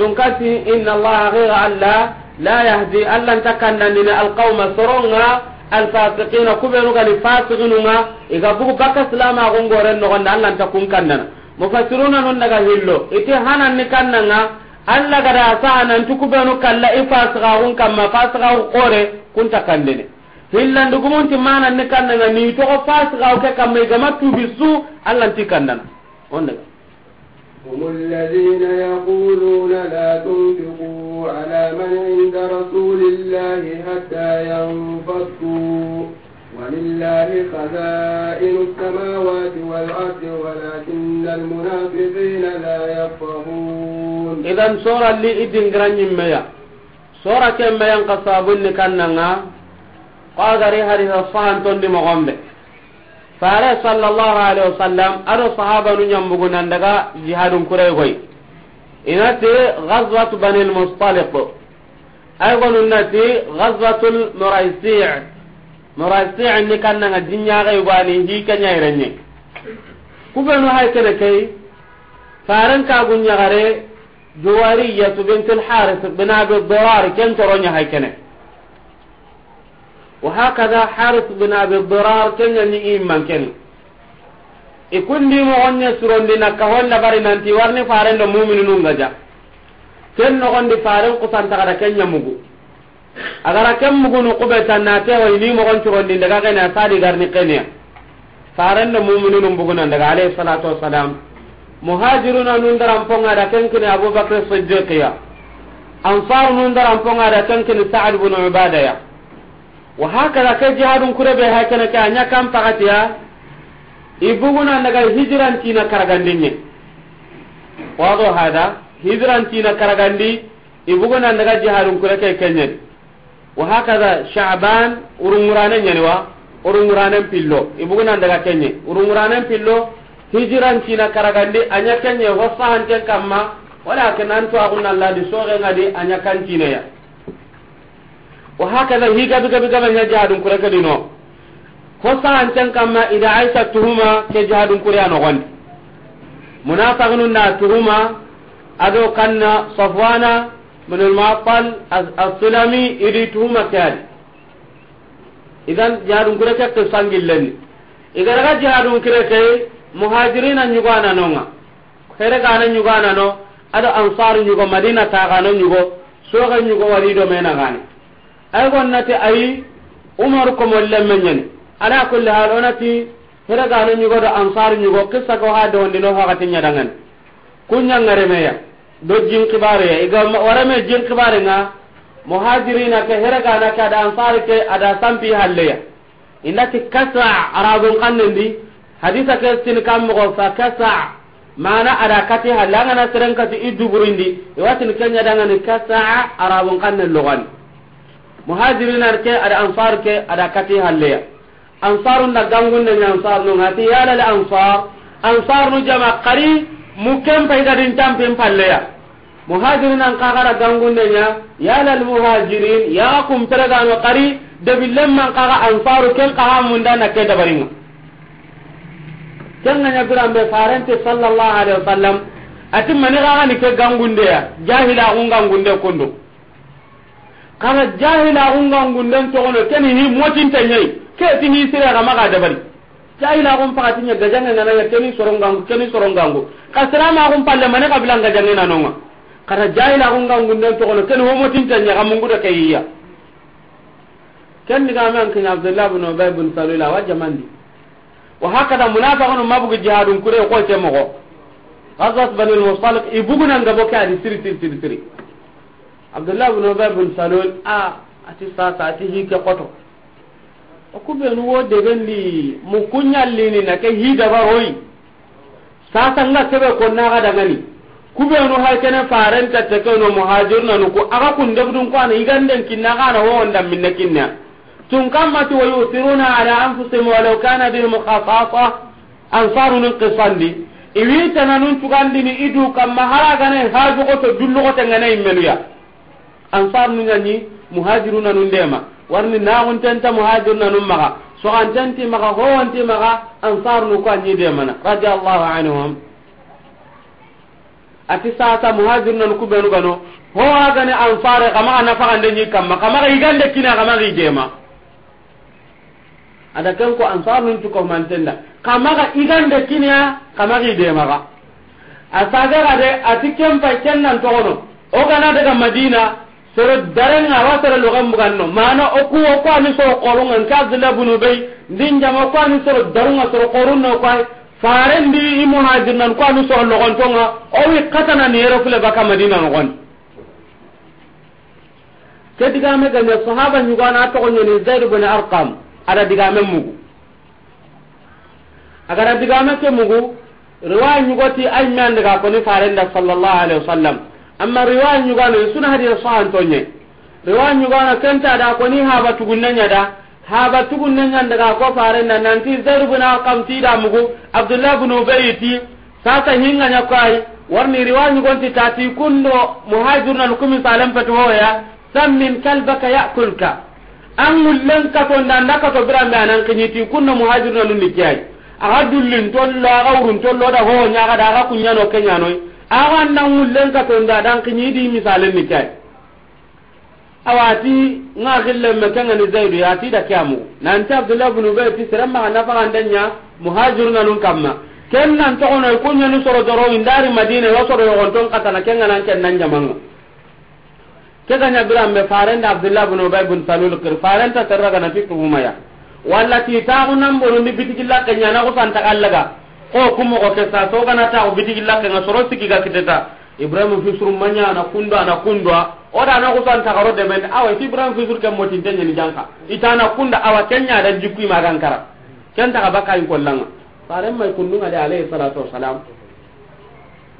[SPEAKER 2] sunkati inna allaha ghayra alla la yahdi allan takanna ni alqauma soronga alfasiqina kubenu gani fasiqinunga iga bugu baka salama gongoren no ganda allan takun kannana mufassiruna non daga hillo ite hanan ni kannanga alla gada sa anan tukubenu kalla ifasiqa gun kamma fasiqa qore kun takandene hillandi gumunti mananni kannanga ni togo fasikaw ke kamma igama tubi su allanti kannana on daga
[SPEAKER 1] هم الذين يقولون لا تنفقوا على من عند رسول الله حتى ينفضوا ولله خزائن السماوات والأرض ولكن المنافقين لا يفقهون
[SPEAKER 2] إذا سورة لإدن غراني ميا سورة كم ينقصابون كاننا qagari harina sahan tondi mogombe fare sallallahu alaihi wasallam ado sahaba nu nyambugo nan daga jihadun kurai goy inati ghazwat bani al-mustaliq ay gonu nati ghazwatul muraisi' muraisi' ni kanna ga dinya ga ibani hi kanya irenye kubenu hay kene kay faran ka gunya gare juwariyatu bint al-harith bin abi dirar ken toronya kene وهكذا حارث ni أبي الضرار كان ينئي من كان ikundi mogonye surondi na kahon labari nanti warni faren da mumini nun gaja ken nogondi faren kusanta kada kenya mugu agara ken mugu nu kubeta na tewa ini mogon surondi daga kenya sadi garni kenya faren da mumini nun bugu nan daga alayhi salatu wassalam muhajiruna nun daran ponga da ken kini abubakar siddiqiya ansar nun daran ponga da ken kini sa'ad ibn ubadaya wa hakala ke jihadun kurebe hakana ke anya kam pagatiya ibuguna daga hijran tina karagandinye wado hada hijran tina karagandi ibuguna daga jihadun kureke kenye wa hakaza sha'ban urungurane nyenwa urungurane pillo ibuguna daga kenye urungurane pillo hijran tina karagandi anya kenye wasahan ke kamma wala kenan to agunna ladi di soge ngadi anya kan tineya ya wa hakaza higa biga biga ma jihadun kure dino ko saan tan ma ida aisa tuhuma ke jihadun kure ano gondi munafiqun na tuhuma ado kanna safwana min al-mu'attal as-sulami idi tuhuma kali idan jihadun kure ke to sangillenni igara ga jihadun kure ke muhajirina nyugana nonga kere kana nyugana no ado ansaru nyugo madina ta kana so soga nyugo wali do mena kana ay gonnati ayi umar ko molle menyen ala kulli hal onati hera gano nyugo do ansar nyugo kissa ko ha do ndino ho gatinya dangan kunya ngare meya do jin iga warame jin kibare nga muhajirina ke hera gana ka da ansar ke ada sampi halleya indati kasa arabun kannandi hadisa ke sin kam mo sa kasa mana ada kati halanga na serengkati iduburindi iwatin kenya dangan kasa arabun kannan logani muhajirin arke ada ansar ke ada kati halle ansarun da gangun ne ansar no ngati ya la ansar ansar nu jama qari mukem pay ga din tampem palle ya muhajirin an gara gangun ne ya ya al muhajirin ya kum taraga no qari de billam man kaga ansaru ken kaga mun da na ke da baringa kenna nya biran be farante sallallahu alaihi wasallam atimma ni kaga ni ke gangunde ya jahila de kondo kaga jahila ungan gunden togono keni ni motin tanyai ke ti ni sira ga maga dabari jahila gon pakati nya gajanga nana ya keni sorongangu keni sorongangu kasra ma gon palle mane ka bilanga gajanga nana nga kada jahila ungan gunden togono keni ho motin tanya ga mungu da kayya ken diga man kin abdullah ibn ubay ibn salul wa jamandi wa hakada munafiqun mabugu jihadun kure ko te mogo ghazat banil mustaliq ibugunan gabo ka di siri siri siri siri abdullahi bin ubay bin salul a ah, ati sasa ati hike koto okubenu wo degendi mu kunyallini na ke hidaba hoyi sasa nga sebe ko naga dangani kubenu hay kene faren ta te kono muhajir na nuku aga kun debdun ko ana iganden kinna kana ho onda minne kinna tun kammati wa yusiruna ala anfusihim law kana bil ansaru ansarun qisandi iwi tananun cugandini idu kamma haragane hajugo to dullugo te ngane immenuya ansar nu ngani muhajiruna nu ndema warni tanta muhajiruna nu maka ho on howanti maxa ansar nu ko anñi demana radiallahu anhum ati saata muhajiruna nu kubenu gano howagani ansare xamaxa nafaxande ñi kamma xamaxa igande kina xamaxi dema ada kan ko ansar nun cukomantenda xamaxa yigande kinea xamaxi demaxa a sagara de ati kem pay ken nan toxono o gana daga madina sere daren awa sere logam buganno mana oku oku ani so qorunga ka zila bunu bay din jama ko ani sere darunga sere qorunna ko ay faren di imu hajirnan ko ani so logon tonga o wi katana ni ero fule baka madina no gon ke diga me ganya sahaba ni gona to ko ni zaid ibn arqam ada diga me mugu agara diga me ke mugu riwaya ni goti ay men daga ko ni faren da sallallahu alaihi wasallam amma riwaya ñugano suna hadira sahantoñe riwaya ñugano kenta da ni haba tugunnenya da haba tugunnenya daga ko farenda nanti zaid da mugu abdullah bin ubay ti sasa hinganya kai warni riwaya ñugonti tati kundo muhajirna lukumi salem peti hoya sammin kalbaka yakulka an mullen kato ndanda biran birambe anan kinyiti kunno muhajirna lunni kiyai aga dullin tollo aga da ho nyaga da aga kunyano kenyanoy awa nan wullen ka ton da dan kinyi di misalen ni kai awati nga khille me kanga ni zaidu ya ti da kyamu nan ta abdullah ibn ubay ti siram ma na fagan danya muhajirun nan kamma ken nan to ono ko nyen soro doro indari madina wa soro yon ton kata na kenga nan ken nan jamanga ke ganya bilam me faren da abdullah ibn ubay ibn salul qir faren ta tarra ga na fi kumaya wallati nan bolu ni bitigilla kenya na ko santa kallaga ko kumo ko kesa so kana ta o bitigi lakke nga soro siki ga kiteta ibrahim fisru manya na kundwa na kundwa da na kusan ta garo de men awa ti ibrahim fisru kam motin tanya ni janka itana kunda awa kenya da jikku ma gan kara ken ta baka in kollanga faran mai kundunga da alayhi salatu wassalam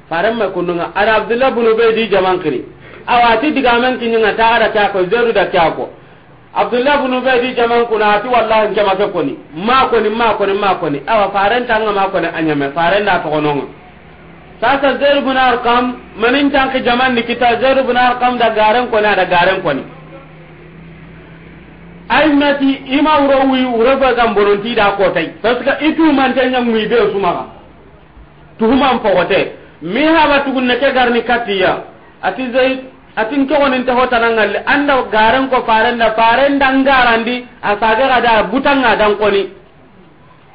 [SPEAKER 2] faran mai kundunga ara abdullah bin ubaydi kiri awa ti diga men kinyanga ta ara ta ko zeru da ta ko abdullah ibn ubaydi jaman kuna ati wallahi jama ke koni ma koni ma koni ma koni awa faran tanga ma koni anyame faran da to kono sasa zair ibn arqam manin ke jaman ni kita zair ibn arqam da garen koni da garen koni ai mati ima wuro wi wuro ba gam boronti da ko tai parce que itu man nyam mu be suma tuhuma am pogote mi haba tugun ne ke garni katiya ati zaid atin ke wonin ta hota nan alle anda garan ko farenda farenda ngarandi da butan ga dan koni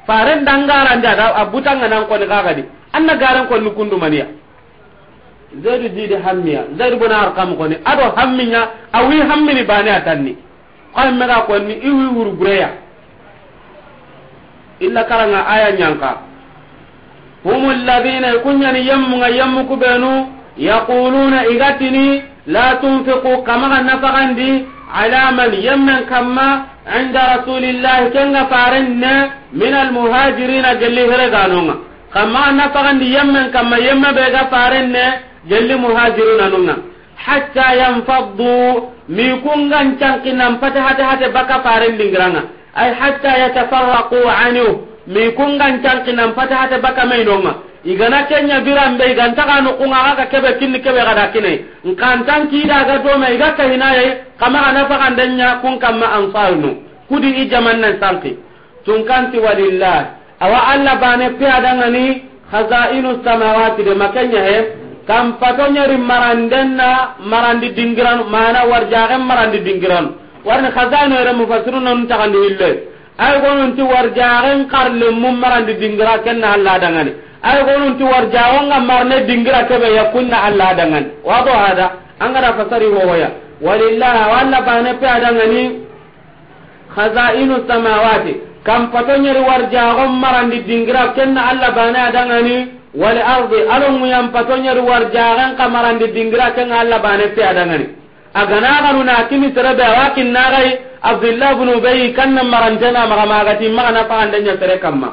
[SPEAKER 2] da ngarandi butan ga nan koni kagadi anna garan ko nukundu maniya zaidu didi hammiya zaidu bona arkam koni ado hamminya awi hammini bani atanni qal mega koni iwi greya illa karanga aya nyanka humul ladina kunyani yammu yammu kubenu yaquluna igatini la tunfiqu kamaga nafagandi ala man yemmen kamma inda rasulillahi kenga farenne min almuhajirina gelli hereganonga kamma nafagandi yemmen kamma yemme ɓega farenne gelli muhajirina nonga hatta yanfaddu mi kungan cankinan pate hate hate baka farendingiranga ay hatta yatafarraqu anhu mi kungan cankinan pate hate baka mainonga igana kenya birambe iganta kanu kunga aga kebe kinni kebe gada kine nkantan kida ga dome iga kahina ye kama ana fakandenya kun kama ansarnu kudi i ijaman nan sanki tun kan kanti walillah awa alla bane piadanga ni khazainu samawati de makanya he kam patonya ri marandenna marandi dingiran mana warjaga marandi dingiran warni khazainu era mufassiruna nun tagandi hille ay gonunti warjaga karle mum marandi dingira kenna alla dangani ay gonun ti war jawon ga marne dingira kebe ya kunna Allah dangan wa do hada an gara fasari ho waya walillahi walla bane pe adangani khazainu samawati kam patonyeri war jawon marandi dingira kenna alla bane adangani wal ardi alon muyam patonyeri war jawon kamarandi dingira kenna alla bane pe adangani agana ganuna kimi serebe awakin nagai abdullah ibn ubay kanna marantena magamagati magana pa andanya tere kamma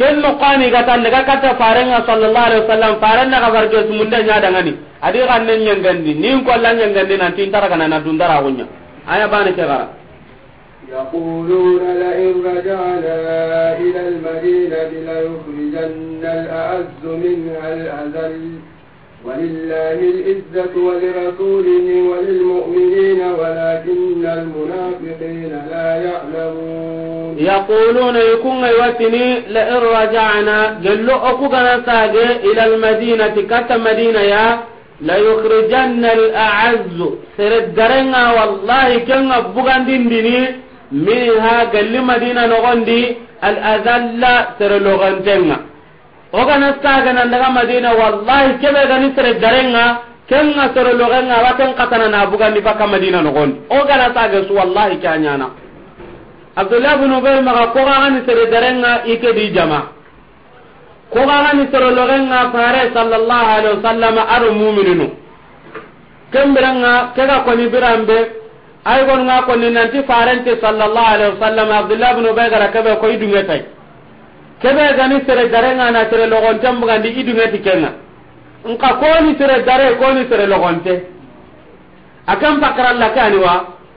[SPEAKER 2] ken no qani ga tan daga kata farenga sallallahu alaihi wasallam farenga ga barke sumunda nya daga ni adi kan nen nyangandi ni ko lan nyangandi nan tin tara kana na dundara hunya aya bani kegara
[SPEAKER 1] يقولون لئن رجعنا إلى المدينة ليخرجن الأعز al' azal. ولله العزة ولرسوله وللمؤمنين ولكن المنافقين لا يعلمون
[SPEAKER 2] يقولون يكون يوتني لئن رجعنا جلو أكوغنا إلى المدينة كتا مدينة يا ليخرجن الأعز سردرنا والله كنا بغن ديني منها قل مدينة نغندي الأذل سرلغنتنا ogana sagana daga madina wallahi kebe gani sere darenga kenga sere logenga waten katana na bugandi baka madina nogondi ogana saga su wallahi kanyana abdullah ibn ubay maga koga gani sere darenga ike di jama koga gani sere logenga fare sallallahu alaihi wasallam aro mu'mininu kembiranga kega koni birambe ay gonnga koni nanti farente sallallahu alaihi wasallam abdullah ibn ubay gara kebe koy dungetai kebe gani sere dare nga na sere logonte mbugandi idungeti kenga nka koni sere dare koni sere logonte akan pakaralla kani wa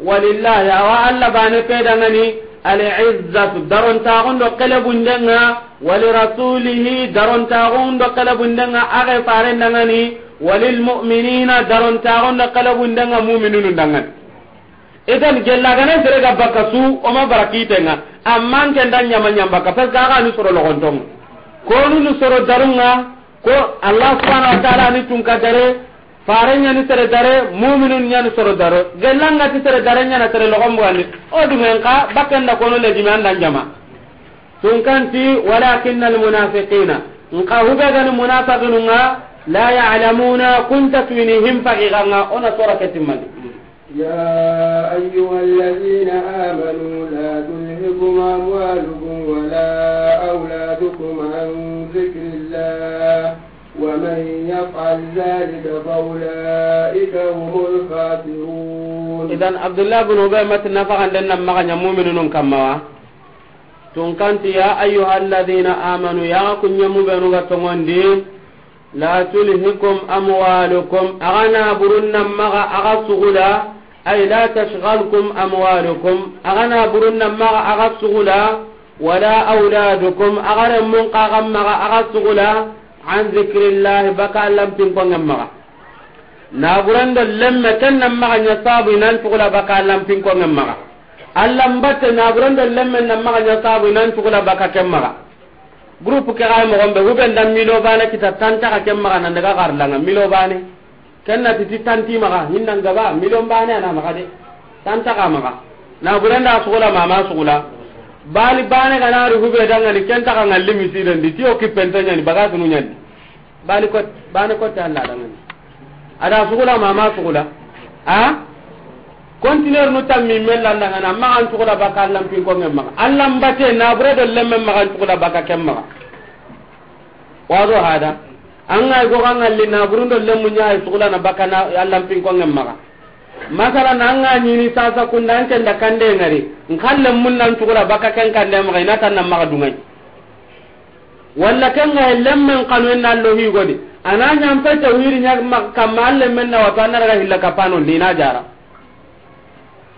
[SPEAKER 2] walillahi wa alla bane pedangani alizzatu darontaxundo kelebundenga walirasulihi darontaxundo kelebundenga axe farendangani walilmuminina darontaxundo kelebundenga muminunu dangani itan gellagana serega bakka su oma barakitenga amma kenda nyama nyamba ka pes gaga ni soro logon tong ko nu nu soro darunga ko allah subhanahu wa taala ni tungka dare fare nya ni tere dare mu'minun nya ni soro daro gelanga ti tere dare nya na tere logon bwani o du ngenka bakenda ko nu leji manda nyama tungkan ti walakinnal munafiqina nka hube gani munafiqinunga la ya'lamuna kunta tuwinihim fa'iqanga ona sora ketimani
[SPEAKER 1] يا أيها الذين آمنوا لا تلهكم أموالكم ولا أولادكم عن ذكر الله ومن يفعل ذلك فأولئك هم الخاسرون
[SPEAKER 2] إذا عبد الله بن أبي متى نفعا لنا مغنى مؤمن كما tun kanti ya ayyuha alladhina amanu ya kunya mu benu ga tongondi la tulhikum amwalukum agana burunna maga aga sugula ay la tashghalkum amwalukum agana burunna ma aga sugula wala auladukum agara mun qagam ma aga sugula an zikrillah baka lam tin kongam ma na buranda lemma tan nam ma nya sabu nan sugula baka lam tin kongam ma allam batte na sabu baka groupe ke ga mo gombe huben dam milo bana kita tanta ka kem ma daga garlanga milo bana kenna titi tanti maga hinnan gaba million bane ana maga de tanta ga maga na buranda sugula mama sugula bali bane kana ru hube danga ni kenta ka ngalli misiren di tiyo ki pentanya ni baga tunu nyandi bali ko bane ko tan la danga ni ada sugula mama sugula a kontinere nu tammi mellandangana maxan cuguda baka allanpinkonge maxa allanbate nabure do lemme maxan cuguda baka ken maxa waado hada anga go ganga le na burundo le munya ay e sugula na na allah pin ko ngem maka masala na anga ni ni sasa nan ken da kande ngari ngkalle mun nan sugula baka kan kande maka ina tan nan maka dungai walla kan ga e lemmen kanu en lo hi godi ananya am pete wiri nya kamal men na wata na ga hilla pano ni na jara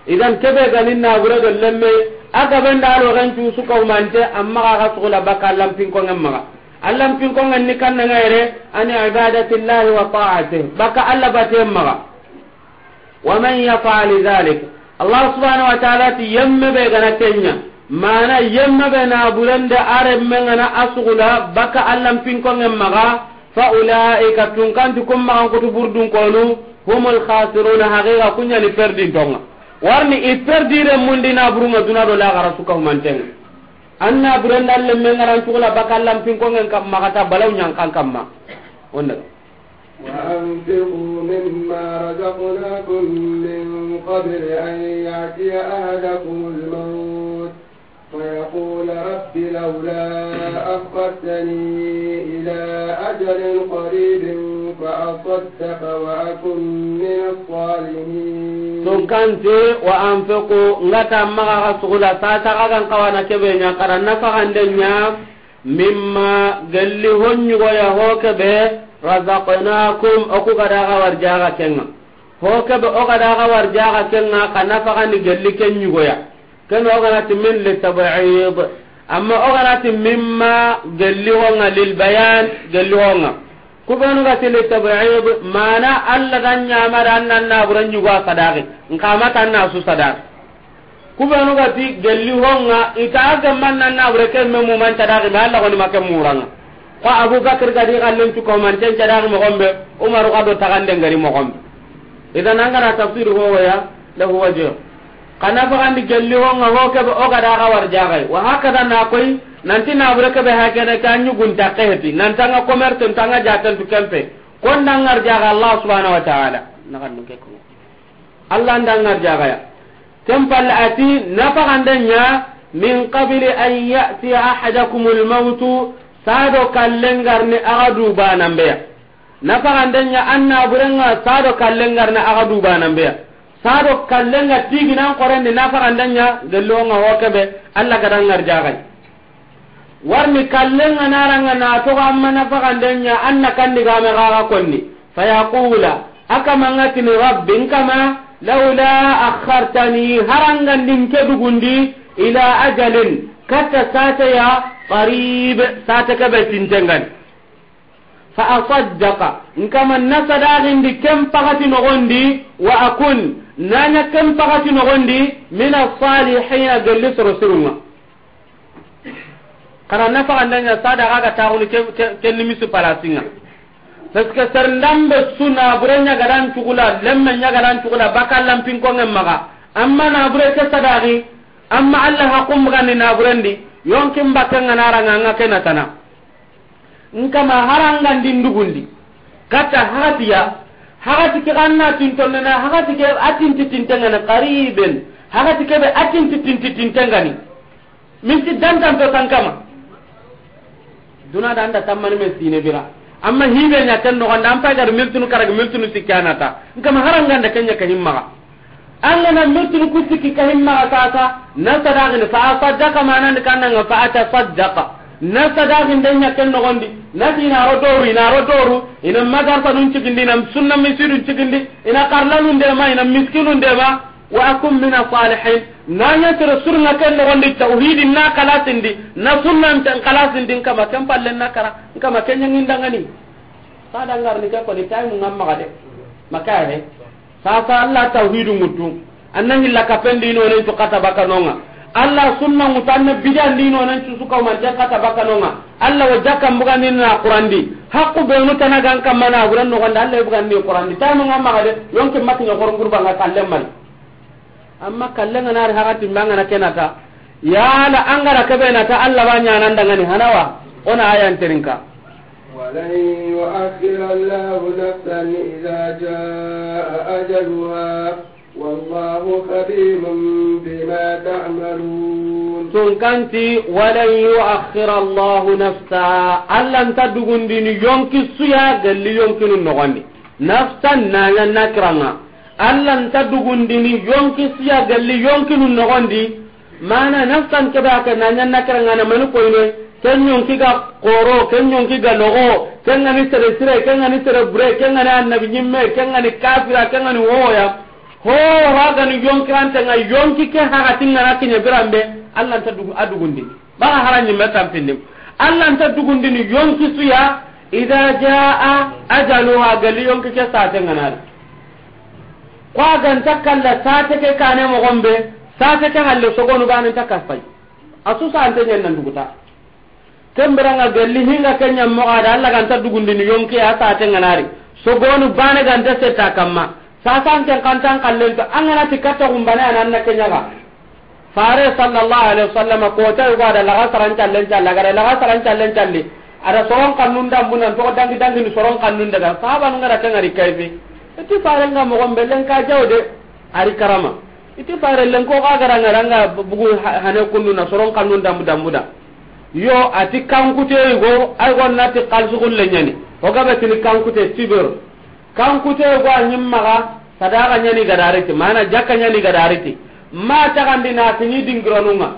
[SPEAKER 2] idan kebe ganin na gure do lemme aga ben ro gan tu su ko mante amma ga sugula baka lampin ko ngem maka allan pin ko nganni kanna ngayre an ibadati llahi wa ta'ati baka allah batem maga wa man yaf'al dhalik allah subhanahu wa ta'ala ti yemme be gana kenya mana yemme be na bulande are mengana asugula baka allan pin ko ngem maga fa ulaika tun kanti kum maga kutu burdun nu humul khasiruna haqiqa kunya ni perdi tonga warni i perdire mundi na burunga dunado la gara suka humantenga anna burenda lemme ngaran cugula bakallam pin ko ngen kam makata balaw nyang kan kam ma onna
[SPEAKER 1] وأنفقوا مما رزقناكم من قبل أن يأتي أحدكم الموت فيقول رب لولا أخرتني إلى أجل قريب فأصدق وأكن من الصالحين
[SPEAKER 2] سكنتي وأنفقوا نتا مغا سغلا ساتا غان قوانا كبينيا قرا نفقا دنيا مما قال لي هن يغويا هوكبه رزقناكم أكو غدا غوار جاغا كنا هوكبه أو غدا غوار جاغا كنا قنفقا نجلي كن يغويا ken oganati min litabid amma oganati mimma gelliwonga lilbayan gelliwonga kubenugati litabid mana allah gan ñamada an nan nabura ñugo a sadaki nkamata an nasu sadaki kubenugati gelliwonga ita a gemman nan nabure ken me muman cadaki ma allah gonima ken muranga ko abubakar gadi kallen cukomanten cadaki mogonɓe umaru kado tagandengari mogonɓe idan angana tafsir howoya lahu wajeh kana fagandi gelli honga hokebe ga kawar jagay wa hakada na koy nanti nabure kebe hakene ka ñugunta keheti nantanga commerce ntanga du kempe kon dangar jaga allah subhanahu wa ta'ala nakanduke ko allah dangar ya kem palle ati na nafagandenya min qabli an yati ahadakum maut sado kallengarni na dubanambeya nafagandenya an naburenga sado kallengarni aga dubanambeya kado kallenga tiginan korende nafarandanya gellonga hokebe allah gadan ngarjagay warni kallenga naranga natogo amma nafarandanya anna kandigame gaga konni fayaqula akamangatini rabbi nkama laula akhartani harangandin kedugundi ila ajalin katta sateya qarib sate kebe sintengani fa asaddaqa nkama na sadaqindi kem pagati nogondi wa akun nanya kem pagati nogondi min asalihina gelli soro sirunga kara na fagandanya sadaqa ga taxuni kenni misu palasinga parce que serndambe suna bure ñagadan cugula lemme ñagadan cugula baka lampinkongen maga amma nabure ke sadaqi amma allah hakumugani naburendi yonkin bakkenga naranga anga kenatana nkama harangandi ndugundi kata hagatiya hagati ke anna tintonnena hagati ke atinti tintengani qariben hagati keɓe atinti tinti tintengani misi dantanto to kama duna da anda tammani me sine bira amma hiɓe ñaken nogonda an pagar miltunu karaga ta nka ma nkama nda kenya ka himmaga angana miltunu ku sikki ka ta sasa nasadagini fa asaddaka manandi nga fa sadaka na sadaqin den kan no di na na ro doru ina ro doru ina magar ta dun cikindi nam sunna mi sidun cikindi ina karla lu ndema ina miskinun de ma wa akum min salihin na ya tara sunna kan no gondi tauhid na tindi na sunna tan kalasindi kama kan palle na kara kama ken nyangin dangani sada ngar ni ka ko ni tay mun maka ne sa sa Allah tauhidu mutu annahi lakapendi no ne to kata bakanonga alla sunna ngutanna bidan dino nan cu suka man n'o ma. alla wa jakka ni na qurandi hakku be no gan kam mana guran no ganda alla bugani qurandi tamu ngamma gade yonke maknya goron gurba ngata lemman amma na har hakati na kenata la angara na ta alla ba nan dangani hanawa ona ayan terinka
[SPEAKER 1] ولن يؤخر الله نفسا إذا جاء أجلها والله خبير بما تعملون
[SPEAKER 2] تنكنتي ولن يؤخر الله نفسا ألا أنت دقندين يمكن السيا قال لي يمكن النغني نفسا نانا نكرنا ألا أنت دقندين يمكن السيا قال لي يمكن النغني mana nafsan kebaka nanya nakara ngana manu koyne ken yonki ga koro ken yonki ga logo ken ngani tere sire ken ngani tere bure ken ngani kafira ho hagani yonki nga yonki ke hagatingana kiñe biranɓe allahanta a dugundini baga hara ñimme tampindi allahanta dugundini yonki suya ida jaa ajaluha gali yonki ke satenganari ko aganta sa sate ke kane mogonɓe sate ke halle sogonu bananta kaspay asu ne nan duguta kembiranga gelli hinga kenya mo da Allah ganta dugundini yonki ya sate nganari sogonu bane ganta ta kamma sasanten kantan kallento anganati katta gumbane ananna kenyaga fare sallallahu alaihi wasallam kota yugo ada laga saran callen calla gara laga saran callen calli ada soron kannun dan bunan to dangi dangi ni soron kannun daga sahaba ngara tengari kaifi itu fare nga mo gombe len ka jawde ari karama itu fare len ko ga gara ngara nga bugu hane kunnu na soron kannun dan budan budan yo ati kankute yugo ay gonnati qalsugul lenyani hoga betini kankute sibir kankute yugo anyimmaga sadaka nyani gadariti mana jakka nyani gadariti ma tagandi natini dingironunga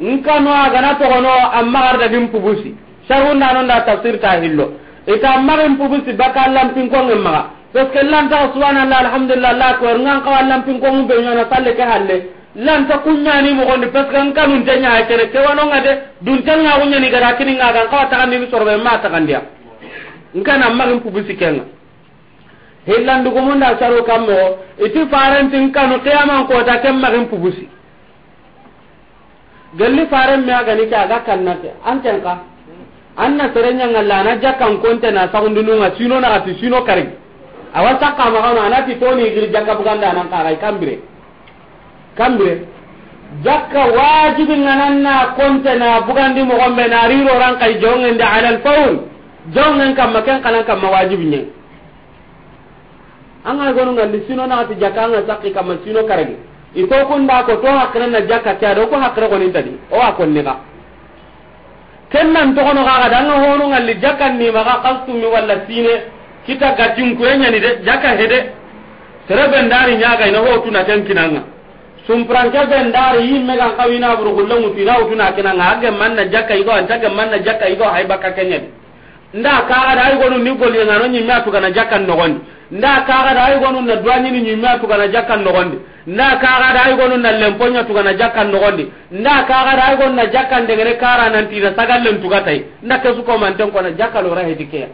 [SPEAKER 2] nkano agana togono amma garda dim pubusi sharunda non da tafsir ta hillo ita marin pubusi baka lampin ko ngemma parce que lan ta subhanallah alhamdulillah la ko er ngan ka lampin ko ngumbe nyana talle ke halle lan ta kunya ni mo gonde parce que nganun tanya ha kene ke wono ngade dun tanya kunya ni gara kini ngaga ka ta kan ni sorbe ma ta kan dia nkana marin pubusi kenga hillandugumunda saro kammo iti farentin kanu qiyaman kota ken magin pugusi gelli faren me agani ke aga kannake anten ka anna serenya ngalla na jakkan konte na sahundinu nga sino na ati sino kari awa sakka ma kana anati toni gir jakka buganda nan ka kai kambire kambire jakka wajibi nananna konte na bugandi mo gombe na riro ran kai jongen da alal faul jongen kam maken kanan kam wajibi nyen anga gonu ngalli sino na ati jaka nga sakki kama sino karagi ito kunda ko to hakre na jaka ta do ko hakre ko ni tadi o wa kon ne ga kennan to kono ga da nga hono ngalli jaka ni ma ga kastu mi walla sine kita gatin ko nya ni de jaka hede sere bendari dari nya ga ina hotu na tan kinanga sum pranke dari yin me ga kawina buru kullu mutina hotu na kinanga age man na jaka ido an ta manna man na jaka ido hay baka kenya nda kaga da ay gonu ni golli ngano nyimme atuga na jakkan nogondi nda kaga da ay gonu na duani ni nyimme atuga na jakkan nogondi nda kaga da ay gonu na lemponya atuga na jakkan nogondi nda kaga da ay gonu na jakkan de ngene kara nan ti da sagal len tuga tai nda ke su ko man tan ko na jakkal ora hedi ke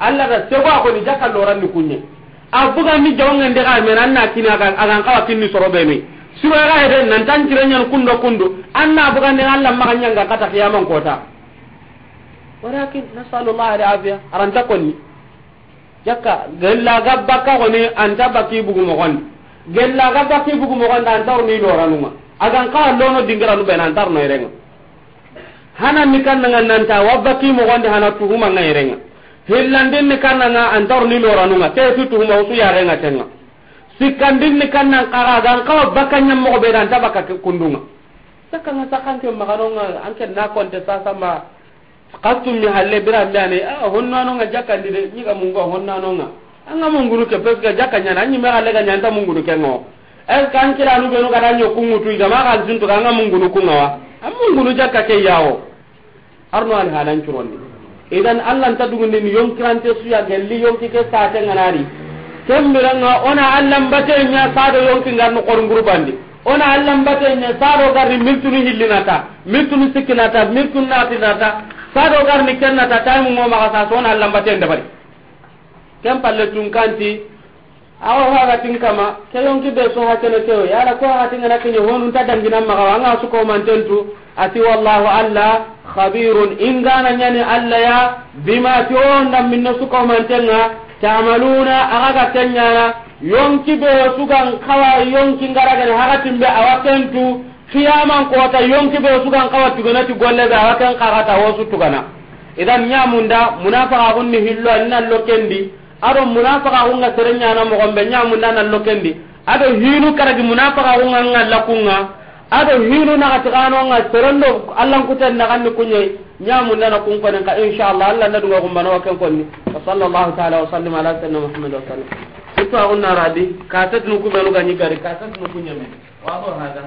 [SPEAKER 2] alla da sego ko ni jakkal ora ni kunye abuga ni jawnga de ga men anna kina ga agan kawa kinni soro be mi suro ga hede nan tan tirenya kundo kundo anna abuga ni alla maganya ga kata kiyaman kota walakin nasalu allah alafia aranta konni jakka ki bugu mo gonni anta orni doranuma agan ka lono dingira nu bena antar ni kan nan kara ka mo be baka kundunga saka ngata kan ke anke na konte kattum mi halle birambe ani a ah, honnanonga jakkandi de ñiga mungo nga anga mungunu ke parce que jakka ñana anñi me halle ga mun mungunu ke ngoo est ce que an kiranu benu gada ñokkungutu igama kan sintuga anga ngawa am an mungunu jakka ke yawo arno ali halancurondi idan allah ta dugun ni yom su suya gelli yonki ke sate nganari kemmiranga ona allah mbate ña sado yonki ngarno bandi ona allah mbate ña sado miltu ni hillinata miltunu sikkinata miltunu natinata sado garni kenna ta tay mo maka sa lamba te ndabari kem palle tunkanti awa ga tin kama ke yonki be so hakene teo yara ko ha tin ngana kenyo honun ta ma maka anga su ko mantentu ati wallahu alla khabirun ingana nyani alla ya bima ti dan min su ko ta maluna aga yon ki be sugan kawa yonki ngaraga haga timbe awakentu kiyaman kota yonki be sugan kawa tugana ti golle ga wakan karata ho su tugana idan munda munafaqa gunni hillo annal lokendi aro munafaqa gunga serenya na mo gombe munda nan lokendi ado hinu karagi munafaqa gunga ngalla kunga ado hinu na gatigano nga serondo allan kutan na ganni kunye munda na kun konen ka insha Allah Allah na dunga gumbana wakan konni wa sallallahu ta'ala wa sallim ala sayyidina muhammad wa sallam itu unna radi katat nuku melu ganyi gari katat nuku nyame واضح هذا؟